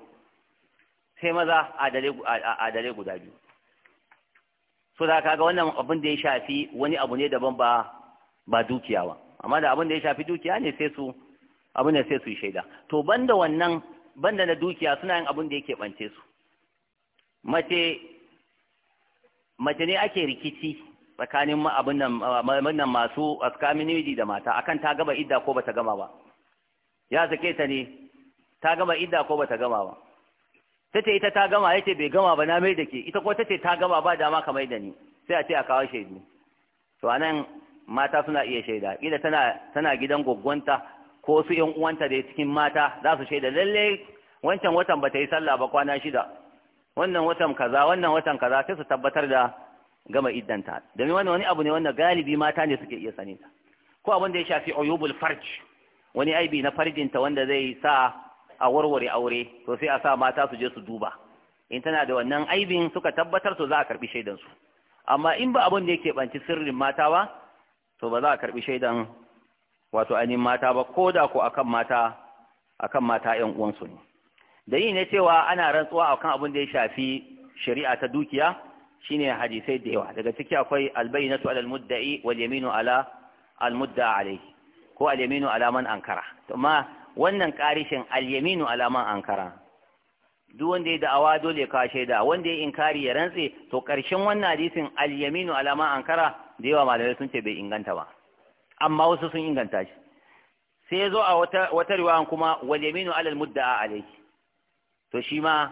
sai maza a dare guda biyu so da kaga wannan abin da ya shafi wani abu ne daban ba ba dukiya ba amma da abin da ya shafi dukiya ne sai su abin da sai su shaida to banda wannan banda na dukiya suna yin abin da yake bance su mace mace ne ake rikici tsakanin abin nan masu askamin miji da mata akan ta gaba idda ko bata gama ba ya sake ta ne ta gama idda ko bata gama ba ta ce ita ta gama ya bai gama ba na mai da ke ita ko ta ce ta gama ba dama ka mai da ni sai a ce a kawo shaidu to a mata suna iya shaida ila tana tana gidan gwaggwanta ko su yan uwanta da cikin mata za su shaida lalle wancan watan ba ta yi sallah ba kwana shida wannan watan kaza wannan watan kaza sai su tabbatar da gama iddanta domin wannan wani abu ne wanda galibi mata ne suke iya sani ta ko abin da ya shafi uyubul farj wani aibi na farjinta wanda zai sa a warware aure to sai a sa mata su je su duba in tana da wannan aibin suka tabbatar to za a karbi shaidan su amma in ba abin da yake banci sirrin mata ba to ba za a karbi shaidan wato ainihin mata ba ko da ko akan mata akan mata uwan uwansu ne Da yin ne cewa ana rantsuwa akan abin da ya shafi shari'a ta dukiya shine hadisai da yawa daga ciki akwai albayyinatu alal mudda'i wal yaminu ala al alayhi ko al yaminu ala man ankara to ma wannan ƙarishin al-yaminu alama ankara duk wanda ya da'awa dole ka shaida wanda ya inkari ya rantse to ƙarshen wannan hadisin al-yaminu alama ankara da yawa malamai sun ce bai inganta ba amma wasu sun inganta shi sai ya zo a wata wata kuma wal yaminu alal mudda'a alayhi to shi ma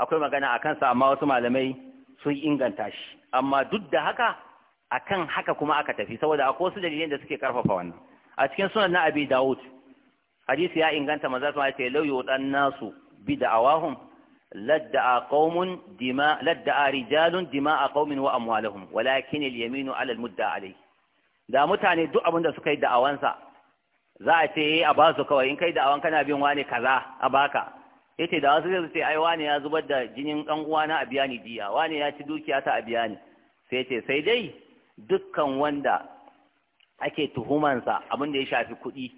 akwai magana akan sa amma wasu malamai sun inganta shi amma duk da haka akan haka kuma aka tafi saboda akwai wasu dalilai da suke karfafa wannan a cikin sunan na Abi Dawud hadisi ya inganta manzo ta ce law yudan nasu bi da'awahum ladda'a qaumun dima ladda'a rijalun dima'a qaumin wa amwalahum walakin al-yaminu 'ala al-mudda alayhi da mutane duk abin suka yi da'awansa za a ce eh, a ba su kawai in kai da'awan kana bin wani kaza a baka yace da wasu zai ai wani ya zubar da jinin dan uwana a biya ni diya wani ya ci dukiya ta a biya ni sai yace sai dai dukkan wanda ake tuhumansa abinda ya shafi kuɗi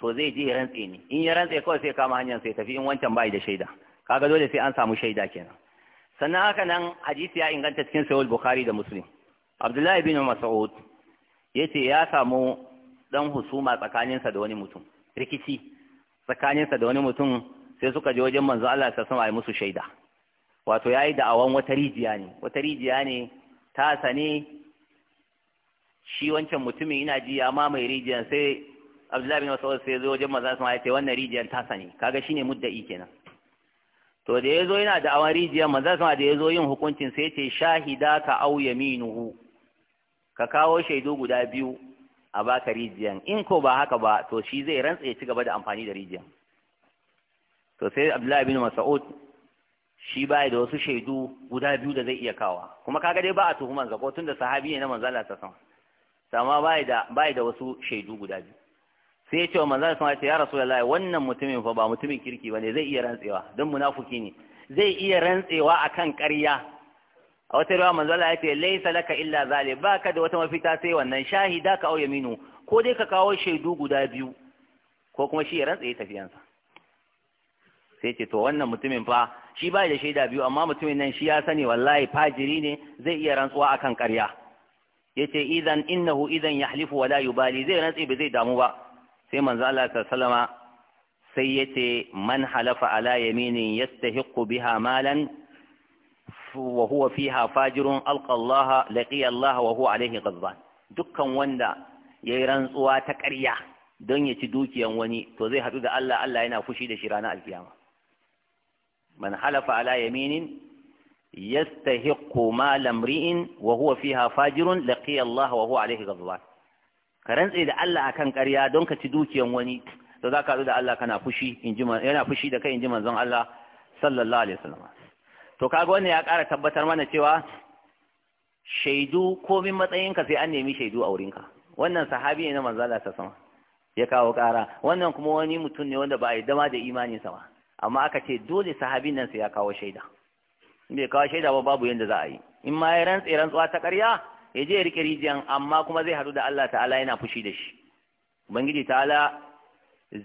to zai je ya rantse ni in ya rantse kawai sai kama hanyar sai tafi in wancan bai da shaida kaga dole sai an samu shaida kenan sannan haka nan hadisi ya inganta cikin sahih bukhari da muslim abdullahi bin mas'ud yace ya samu dan husuma tsakaninsa da wani mutum rikici tsakaninsa da wani mutum sai suka je wajen manzo Allah ta sama yi musu shaida wato yayi da awan wata rijiya ne wata rijiya ne ta sane shi wancan mutumin ina ji ya mamaye rijiyan sai abdullahi bin mas'ud sai zo wajen maza sama ya ce wannan rijiyar ta sani kaga shine mudda'i kenan to da yazo yana da awan rijiyar maza sama da yazo yin hukuncin sai ce shahida ka au yaminuhu ka kawo shaidu guda biyu a baka rijiyar in ko ba haka ba to shi zai rantsa ya ci gaba da amfani da rijiyar to sai abdullahi bin mas'ud shi baya da wasu shaidu guda biyu da zai iya kawa kuma kaga dai ba a tuhuman zakotun da sahabi ne na maza Allah ta sama ba baya da da wasu shaidu guda biyu sai ya ce wa manzon sun ce ya rasulullahi wannan mutumin fa ba mutumin kirki bane zai iya rantsewa dan munafiki ne zai iya rantsewa akan ƙarya a wata rawa manzon Allah ya ce laysa laka illa zalim ka da wata mafita sai wannan shahida ka au yaminu ko dai ka kawo shaidu guda biyu ko kuma shi ya rantsa ya tafiyansa sai ce to wannan mutumin fa shi ba da shaida biyu amma mutumin nan shi ya sani wallahi fajiri ne zai iya rantsuwa akan ƙarya yace idan innahu idan yahlifu wala yubali zai rantsi ba zai damu ba sai manzo Allah sallama sai yace man halafa ala yaminin yastahiqqu biha malan wa huwa fiha fajirun alqa Allah laqiya Allah wa huwa alaihi ghadban dukkan wanda yayi rantsuwa ta ƙarya don ya ci dukiyan wani to zai haɗu da Allah Allah yana fushi da shi ranar alkiyama man halafa ala yaminin yastahiqqu malam ri'in wa huwa fiha fajirun laqiya Allah wa huwa alaihi ghadban ka rantse da Allah akan ƙarya don ka ci dukiyan wani to za ka da Allah kana fushi yana fushi da kai in ji manzon Allah sallallahu alaihi wasallam to kaga wannan ya ƙara tabbatar mana cewa shaidu komin matsayinka sai an nemi shaidu a wurinka wannan sahabi ne na manzon Allah sallallahu alaihi ya kawo ƙara wannan kuma wani mutum ne wanda ba a dama da imani sama amma aka ce dole sahabin nan sai ya kawo shaida bai kawo shaida ba babu yadda za a yi in ma ya rantse rantsuwa ta ƙarya ya je ya rike rijiyan amma kuma zai haɗu da Allah ta'ala yana fushi da shi ubangiji ta'ala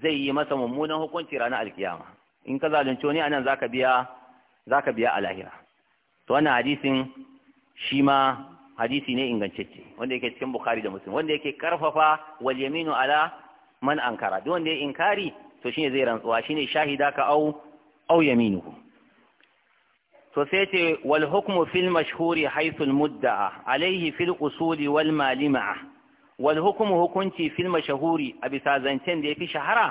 zai yi masa mummunan hukunci ranar alkiyama in ka zalunci wani anan zaka biya zaka biya a lahira to wannan hadisin shi ma hadisi ne ingantacce wanda yake cikin bukhari da muslim wanda yake karfafa wal yaminu ala man ankara duk wanda ya inkari to shine zai rantsuwa shine shahida ka au au yaminuhu to sai ce wal hukmu fil mashhuri haythu al mudda'a alayhi fil usuli wal malima wal hukmu hukunci fil mashhuri a bisa zancen da yafi shahara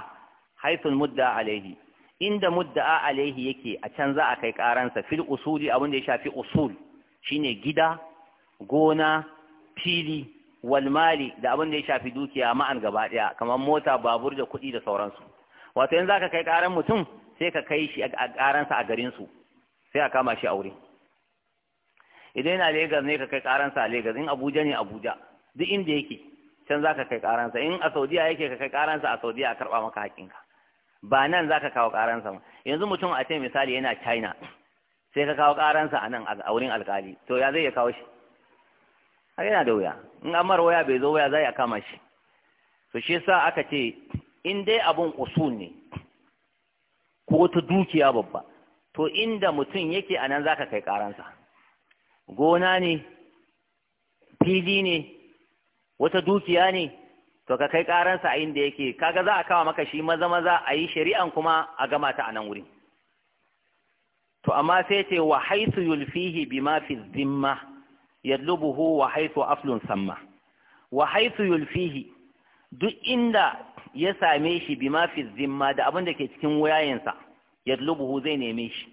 haythu al mudda'a alayhi inda mudda'a alayhi yake a can za a kai karansa fil usuli abin da ya shafi usul shine gida gona fili wal mali da abin da ya shafi dukiya ma'an gaba daya kamar mota babur da kuɗi da sauransu wato yanzu zaka kai karan mutum sai ka kai shi a karansa a garin su sai a kama shi a idan yana Legas ne ka kai karansa a Legas in Abuja ne Abuja duk inda yake can za ka kai karansa in a Saudiya yake ka kai karansa a Saudiya a karba maka hakinka ba nan za ka kawo karansa ba yanzu mutum a ce misali yana China sai ka kawo karansa a nan a wurin alkali to ya zai ya kawo shi har yana da wuya in amar waya bai zo waya zai a kama shi to shi yasa aka ce in dai abun usul ne ko ta dukiya babba to inda mutum yake a nan za ka kai ƙaransa gona ne fili ne wata dukiya ne to ka kai ƙaransa a inda yake kaga za a kawo maka shi maza maza a yi shari'an kuma a gama ta a nan wuri. to amma sai ce wa haisu yulfihi bima fi zimma yadlubuhu wa haisu aflun samma wa haitu yulfihi duk inda ya same shi bima fi zimma da abin da ke cikin wayayensa yadlubuhu zai neme shi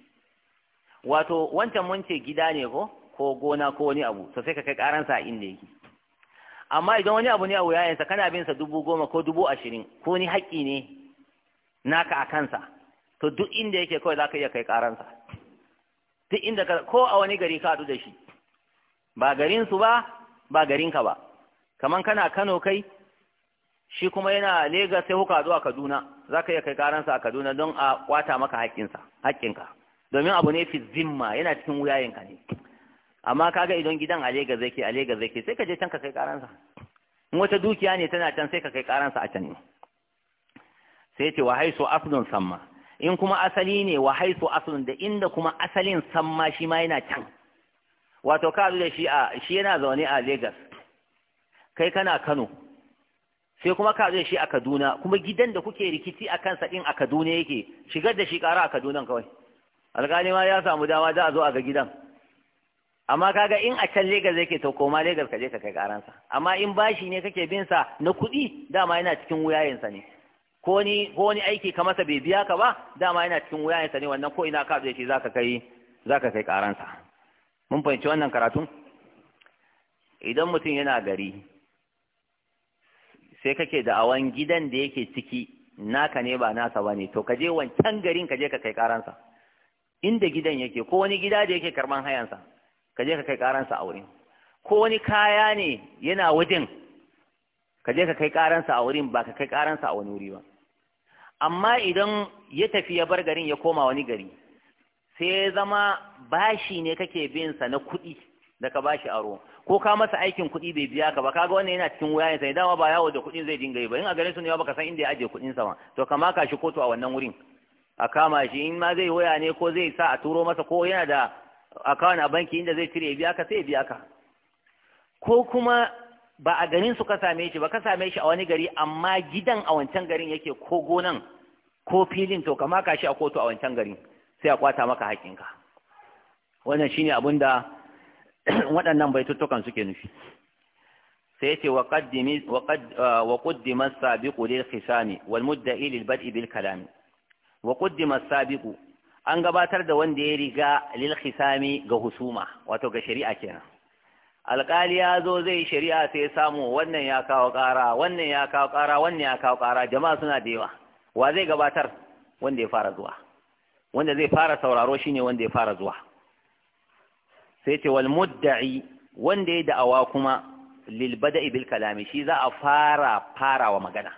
wato wancan mun ce gida ne ko ko gona ko wani abu to sai ka kai karansa a inda yake amma idan wani abu ne a wuyayensa kana bin sa dubu goma ko dubu ashirin ko ni haƙƙi ne naka a kansa to duk inda yake kawai za ka iya kai karansa duk inda ka ko a wani gari ka haɗu da shi ba garinsu ba ba garinka ba kaman kana Kano kai shi kuma yana Legas sai huka zuwa Kaduna za ka iya kai karansa a Kaduna don a kwata maka haƙƙinsa haƙƙinka domin abu ne fi zimma yana cikin wuyayenka ne amma kaga idan gidan a Legas ke, a Legas ke, sai ka je can ka kai karansa in wata dukiya ne tana can sai ka kai karansa a can ne sai ce wa haisu aslun samma in kuma asali ne wa haisu aslun da inda kuma asalin samma shi ma yana can wato ka da shi a shi yana zaune a Legas kai kana Kano sai kuma ka zai shi a Kaduna kuma gidan da kuke rikici a kansa din a Kaduna yake shigar da shi ƙara a Kaduna kawai alƙali ma ya samu dama za a zo a ga gidan amma kaga in a can Legas yake to koma Legas ka je ka kai ƙaransa amma in bashi ne kake bin sa na kuɗi dama yana cikin wuyayensa ne ko ni aiki ka masa bai biya ka ba dama yana cikin wuyayensa ne wannan ko ina ka zai shi zaka kai kai ƙaransa mun fahimci wannan karatun idan mutum yana gari sai kake da awan gidan da yake ciki naka ne ba nasa ba ne to ka je wancan garin ka je ka kai karansa inda gidan yake ko wani gida da yake karban hayansa ka je ka kai karansa a wurin ko wani kaya ne yana wajen ka je ka kai karansa a wurin ba ka kai karansa a wani wuri ba amma idan ya tafi ya bar garin ya koma wani gari sai ya zama bashi ne kake bin na kuɗi da ka bashi aro ko ka masa aikin kuɗi bai biya ka ba kaga wannan yana cikin wuya ne sai dama ba yawo da kuɗin zai dinga yi ba in a gare su ne ba baka san inda ya aje kuɗin sa ba to kama ka shi kotu a wannan wurin a kama shi in ma zai waya ne ko zai sa a turo masa ko yana da akawun a banki inda zai cire biya ka sai biya ka ko kuma ba a garin su ka same shi ba ka same shi a wani gari amma gidan a wancan garin yake ko gonan ko filin to kama ka shi a kotu a wancan garin sai a kwata maka haƙinka wannan shine abin da waɗannan baitutukan suke nufi sai ce wa ƙuddimar wa qad wa qaddima lil khisami wal mudda'i lil bad'i bil kalami wa ƙuddimar as an gabatar da wanda ya riga lil khisami ga husuma wato ga shari'a kenan alƙali ya zo zai shari'a sai ya samu wannan ya kawo ƙara wannan ya kawo ƙara wannan ya kawo ƙara jama'a suna da yawa wa zai gabatar wanda ya fara zuwa wanda zai fara sauraro shine wanda ya fara zuwa sai ce wal mudda'i wanda ya da'awa kuma lil bada'i bil kalami shi za a fara farawa magana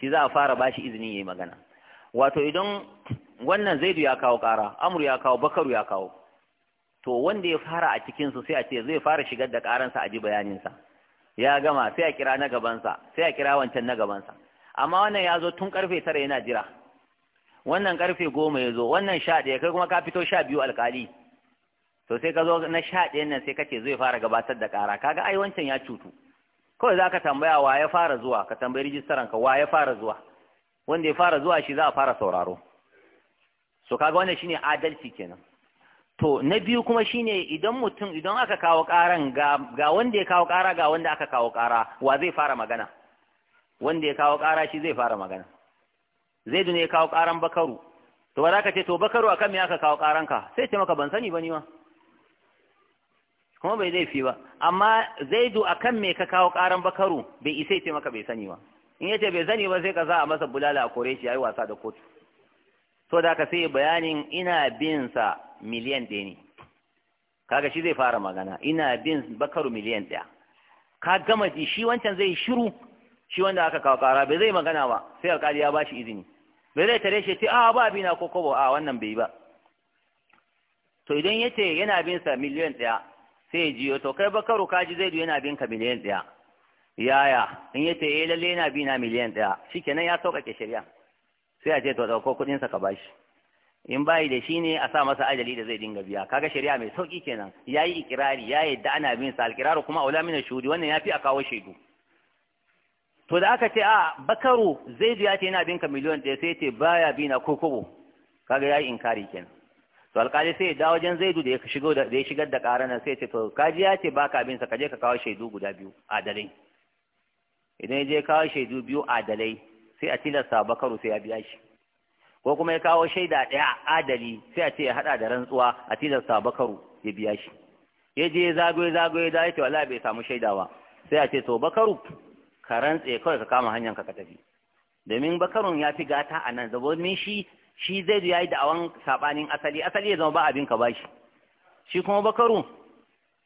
shi za a fara bashi izini yayi magana wato idan wannan zaidu ya kawo kara amru ya kawo bakaru ya kawo to wanda ya fara a cikin su sai a ce zai fara shigar da karansa a ji bayanin sa ya gama sai a kira na gabansa sai a kira wancan na gabansa amma wannan ya zo tun karfe tara yana jira wannan karfe goma ya zo wannan sha kai kuma ka fito sha biyu alkali to sai ka zo na sha ɗaya nan sai ka ce zai fara gabatar da ƙara kaga ai wancan ya cutu kawai za ka tambaya wa ya fara zuwa ka tambayi rijistaran ka wa ya fara zuwa wanda ya fara zuwa shi za a fara sauraro so kaga wannan shine adalci kenan to na biyu kuma shine idan mutum idan aka kawo ƙaran ga wanda ya kawo ƙara ga wanda aka kawo ƙara wa zai fara magana wanda ya kawo ƙara shi zai fara magana zai ne ya kawo ƙaran bakaru to ba za ka ce to bakaru akan me aka kawo ƙaranka sai ce maka ban sani ba ni ma kuma bai zai fi ba amma zaidu akan me ka kawo karan bakaru bai isa ce maka bai sani ba in yace bai sani ba sai ka za a masa bulala a kore shi yayi wasa da kotu To da ka sai bayanin ina bin sa miliyan ɗaya ne kaga shi zai fara magana ina bin bakaru miliyan ɗaya ka gama ji shi wancan zai shiru shi wanda aka kawo kara bai zai magana ba sai alkali ya bashi izini bai zai tare shi ce a ba bina ko kobo a wannan bai ba to idan yace yana bin sa miliyan ɗaya sai ya jiyo to kai bakaru kaji zai yana bin ka miliyan ɗaya yaya in ya yi eh, lalle yana bi miliyan ɗaya shikenan ya sauƙaƙe shari'a sai a ce to ɗauko kuɗinsa ka bashi in bayi da shi ne a sa masa ajali da zai dinga biya kaga shari'a mai sauƙi kenan Ya yi ikirari ya yadda ana bin sa alkiraru kuma aula mina shuhudi wannan ya fi a kawo shaidu to da aka ce a bakaru zaidu ya ce yana bin ka miliyan ɗaya sai ce baya bi na kokobo kaga yi inkari kenan to alkali sai ya dawo wajen zaidu da ya shigo da ya shigar da ƙara sai ce to kaji ya ce baka abin sa kaje ka kawo shaidu guda biyu adalai idan ya je kawo shaidu biyu adalai sai a tilasta bakaru sai ya biya shi ko kuma ya kawo shaida ɗaya adali sai a ce ya haɗa da rantsuwa a tilasta bakaru ya biya shi ya je ya zago ya zago ya dawo wallahi bai samu shaida ba sai a ce to bakaru ka rantse kawai ka kama hanyar ka tafi domin bakarun ya fi gata a nan domin shi shi zai ya yi da'awan saɓanin asali asali ya zama ba abin ka bashi shi kuma bakaru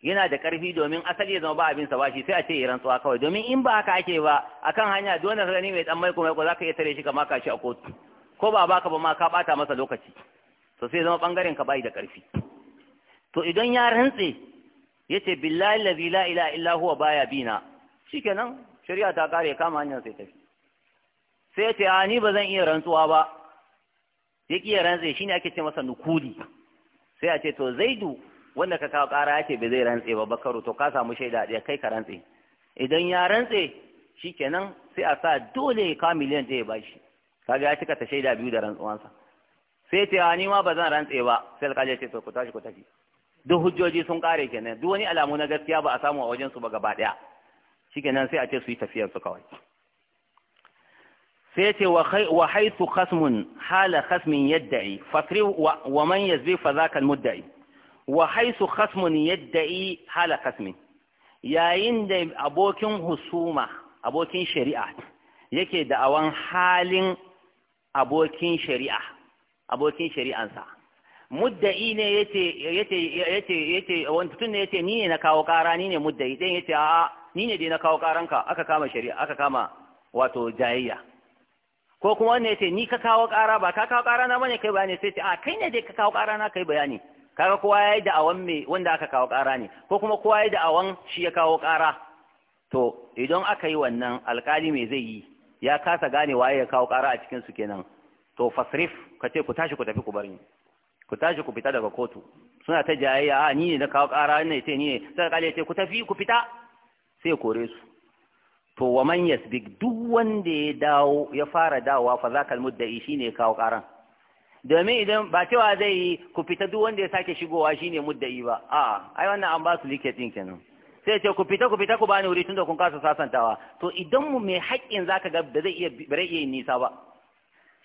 yana da ƙarfi domin asali ya zama ba abin sa bashi sai a ce iran tsawa kawai domin in ba haka ake ba akan hanya dole ka gani mai dan mai, ko zaka iya tare shi ka maka shi a kotu ko ba baka ba ma ka bata masa lokaci to sai zama bangaren ka bai da ƙarfi to idan ya rantse yace billahi allazi la ilaha illa huwa baya bina shikenan shari'a ta kare kama hanyar sai tafi sai ya ce a ni ba zan iya rantsuwa ba ya ƙi rantse ne ake ce masa nukuli sai a ce to zaidu wanda ka kawo ƙara ya ce bai zai rantse ba bakaru to ka samu shaida ɗaya kai ka rantse idan ya rantse shikenan sai a sa dole ya miliyan ta ya bashi kaga ya cika ta shaida biyu da rantsuwansa sai ta ni ma ba zan rantse ba sai alƙali ya ce to ku tashi ku tafi duk hujjoji sun ƙare kenan duk wani alamu na gaskiya ba a samu a wajen su ba gaba ɗaya shikenan sai a ce su yi tafiyar su kawai sai ce wa haithu khasmun hala khasmin yadda'i fasri wa man yazbi fa zaka almudda'i wa haithu khasmun yadda'i hala khasmin yayin da abokin husuma abokin shari'a yake awan halin abokin shari'a abokin shari'ansa mudda'i ne yace yace yace yace wani tun ne yace ni ne na kawo ƙara ni ne mudda'i dan yace a ni ne dai na kawo ƙaranka aka kama shari'a aka kama wato jayayya ko kuma wanda ya ce ni ka kawo ƙara ba ka kawo ƙara na bane kai bayani sai ce a kai ne dai ka kawo ƙara na kai bayani kaga kowa ya yi da'awan me wanda aka kawo ƙara ne ko kuma kowa ya yi da'awan shi ya kawo ƙara to idan aka yi wannan alƙali me zai yi ya kasa gane waye ya kawo ƙara a cikin su kenan to fasrif ka ce ku tashi ku tafi ku bar ni ku tashi ku fita daga kotu suna ta jayayya a ni ne na kawo ƙara ne ce ni ne sai alƙali ya ce ku tafi ku fita sai ya kore su to wa man yasbik duk wanda ya dawo ya fara dawowa fa zakal mudda'i shine ya kawo karan domin idan ba cewa zai yi ku fita duk wanda ya sake shigowa shine mudda'i ba a ai wannan an ba su liket din kenan sai ce ku fita ku fita ku bani wuri tunda kun kasa sasantawa to idan mu mai haƙƙin zaka ga da zai iya bare iya nisa ba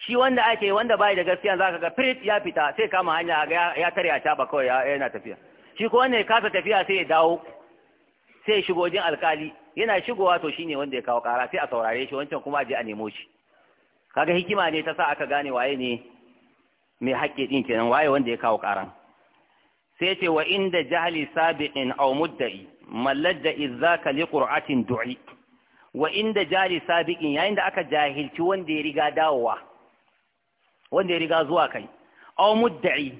shi wanda ake wanda bai da gaskiya zaka ga firit ya fita sai kama hanya ya tare a taba kawai yana tafiya shi ko wanda ya kasa tafiya sai ya dawo sai ya shigo wajen alkali yana shigowa to shine wanda ya kawo kara sai a saurare shi wancan kuma je a nemo shi kaga hikima ne ta sa aka gane waye ne mai hakke din kenan waye wanda ya kawo karan sai ce wa inda jahli sabiqin aw mudda'i malladda idzaka liqur'atin du'i wa inda jahli sabiqin yayin da aka jahilci wanda ya riga dawowa wanda ya riga zuwa kai aw mudda'i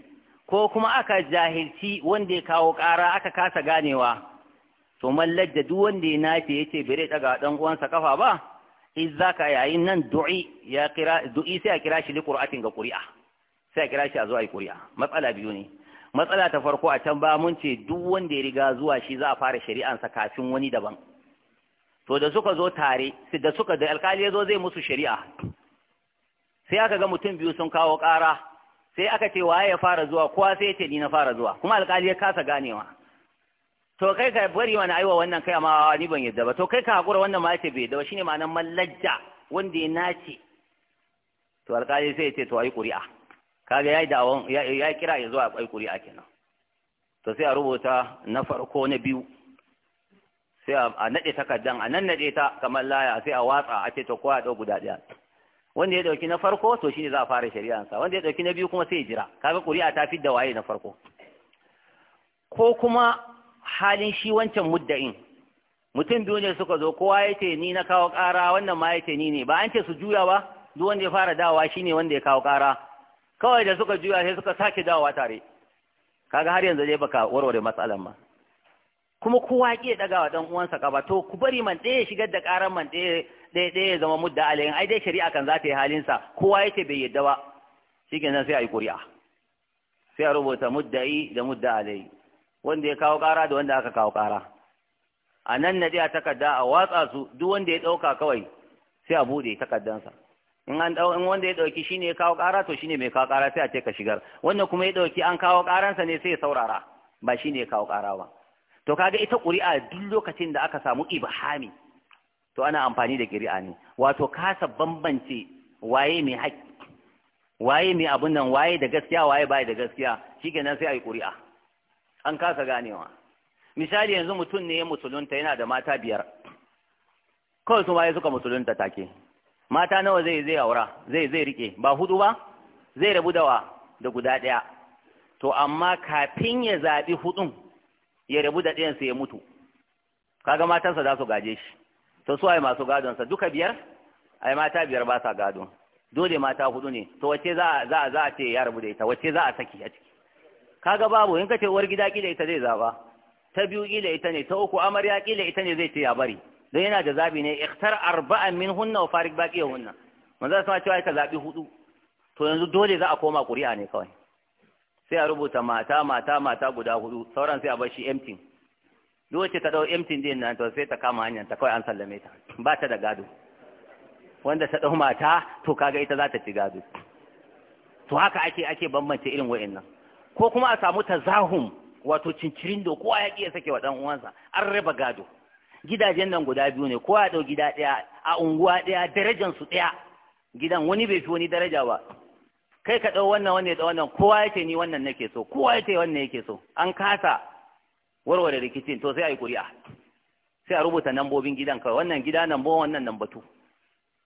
ko kuma aka jahilci wanda ya kawo ƙara aka kasa ganewa to mallar da duk wanda ya nafi ya ce bai daga dan uwansa kafa ba in za ka yayin nan du'i ya kira du'i sai a kira shi li ga qur'a sai a kira shi a zuwa yi qur'a matsala biyu ne matsala ta farko a can ba mun ce duk wanda ya riga zuwa shi za a fara shari'ansa kafin wani daban to da suka zo tare da suka da alkali ya zo zai musu shari'a sai aka ga mutum biyu sun kawo ƙara sai aka ce waye ya fara zuwa kowa sai ya ce ni na fara zuwa kuma alkali ya kasa ganewa to kai ka bari wani aiwa wannan kai amma ni ban yadda ba to kai ka hakura wannan ma yace bai yadda ba shine ma'anar mallajja wanda ya nace to alƙali sai ya ce to ayi ƙuri'a kaga yayi da ya kira ya zo a ayi ƙuri'a kenan to sai a rubuta na farko na biyu sai a nade takardan a nan nade ta kamar laya sai a watsa a ce to kowa ɗau guda ɗaya wanda ya ɗauki na farko to shine za a fara sa wanda ya ɗauki na biyu kuma sai ya jira kaga ƙuri'a ta fidda waye na farko ko kuma halin shi wancan mudda'in mutum biyu ne suka zo kowa ya ce ni na kawo ƙara wannan ma ya ce ni ne ba an ce su juya ba duk wanda ya fara dawa shine wanda ya kawo ƙara kawai da suka juya sai suka sake dawowa tare kaga har yanzu dai baka warware matsalan ma kuma kowa ya daga wa dan uwansa kaba to ku bari man ɗaya shigar da ƙaran man ɗaya ɗaya ya zama mudda alayin ai dai shari'a kan za ta yi halin sa kowa ce bai yadda ba shikenan sai a yi ƙuri'a sai a rubuta mudda'i da mudda alayi wanda ya kawo ƙara da wanda aka kawo ƙara a nan na jiya takarda a watsa su duk wanda ya ɗauka kawai sai a buɗe takardansa in an in wanda ya ɗauki shi ne ya kawo ƙara to shi ne mai kawo ƙara sai a ce ka shigar wanda kuma ya ɗauki an kawo ƙaransa ne sai ya saurara ba shi ne ya kawo ƙara ba to kaga ita ƙuri'a duk lokacin da aka samu ibhami to ana amfani da ƙuri'a ne wato kasa bambance waye mai haƙƙi waye mai abun nan waye da gaskiya waye bai da gaskiya shikenan sai a yi ƙuri'a an kasa ganewa misali yanzu mutum ne ya musulunta yana da mata biyar kawai su ya suka musulunta take mata nawa zai zai aura zai zai rike ba hudu ba zai rabu dawa da guda ɗaya to amma kafin ya zaɓi hudun ya rabu da ɗayan ya mutu kaga matansa za su gaje shi to su ai masu gadonsa duka biyar ai mata biyar ba sa gado dole mata hudu ne to wace za a za ce ya rabu da ita wace za a saki a ciki kaga babu in kace uwar gida kila ita zai zaba ta biyu kila ita ne ta uku amarya kila ita ne zai ce ya bari dan yana da zabi ne ikhtar arba'an min hunna wa farik baqiya hunna manzo sama cewa ka zabi hudu to yanzu dole za a koma ƙuri'a ne kawai sai a rubuta mata mata mata guda hudu sauran sai a bar shi empty duk ta dau empty din nan to sai ta kama hanyar ta kawai an sallame ta ba ta da gado wanda ta dau mata to kaga ita za ta ci gado to haka ake ake bambance irin wa'annan ko kuma a samu tazahum wato cincirin da kowa ya ƙiya sake wa ɗan uwansa an raba gado gidajen nan guda biyu ne kowa ya ɗau gida ɗaya a unguwa ɗaya darajar su ɗaya gidan wani bai fi wani daraja ba kai ka ɗau wannan wannan ya ɗau wannan kowa ya ce ni wannan nake so kowa ya ce wannan yake so an kasa warware rikicin to sai a yi ƙuri'a sai a rubuta nambobin gidan kawai wannan gida namba wannan namba tu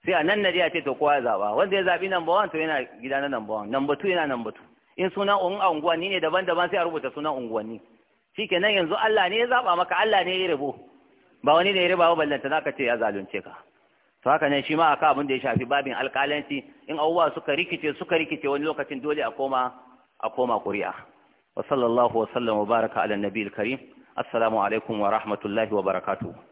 sai a nan na je a ce to kowa ya zaɓa wanda ya zaɓi namba wan to yana gida na namba wan namba tu yana namba tu in sunan unguwanni ne daban-daban sai a rubuta sunan unguwanni nan yanzu Allah ne ya zaba maka Allah ne ya rabo ba wani ne ya raba ba ballanta naka ce ya zalunce ka to haka shi ma aka abin da ya shafi babin alƙalanci in abubuwa suka rikice suka rikice wani lokacin dole a koma a koma ƙuri'a wa sallallahu wa sallam wa baraka ala karim assalamu alaikum wa rahmatullahi wa barakatuh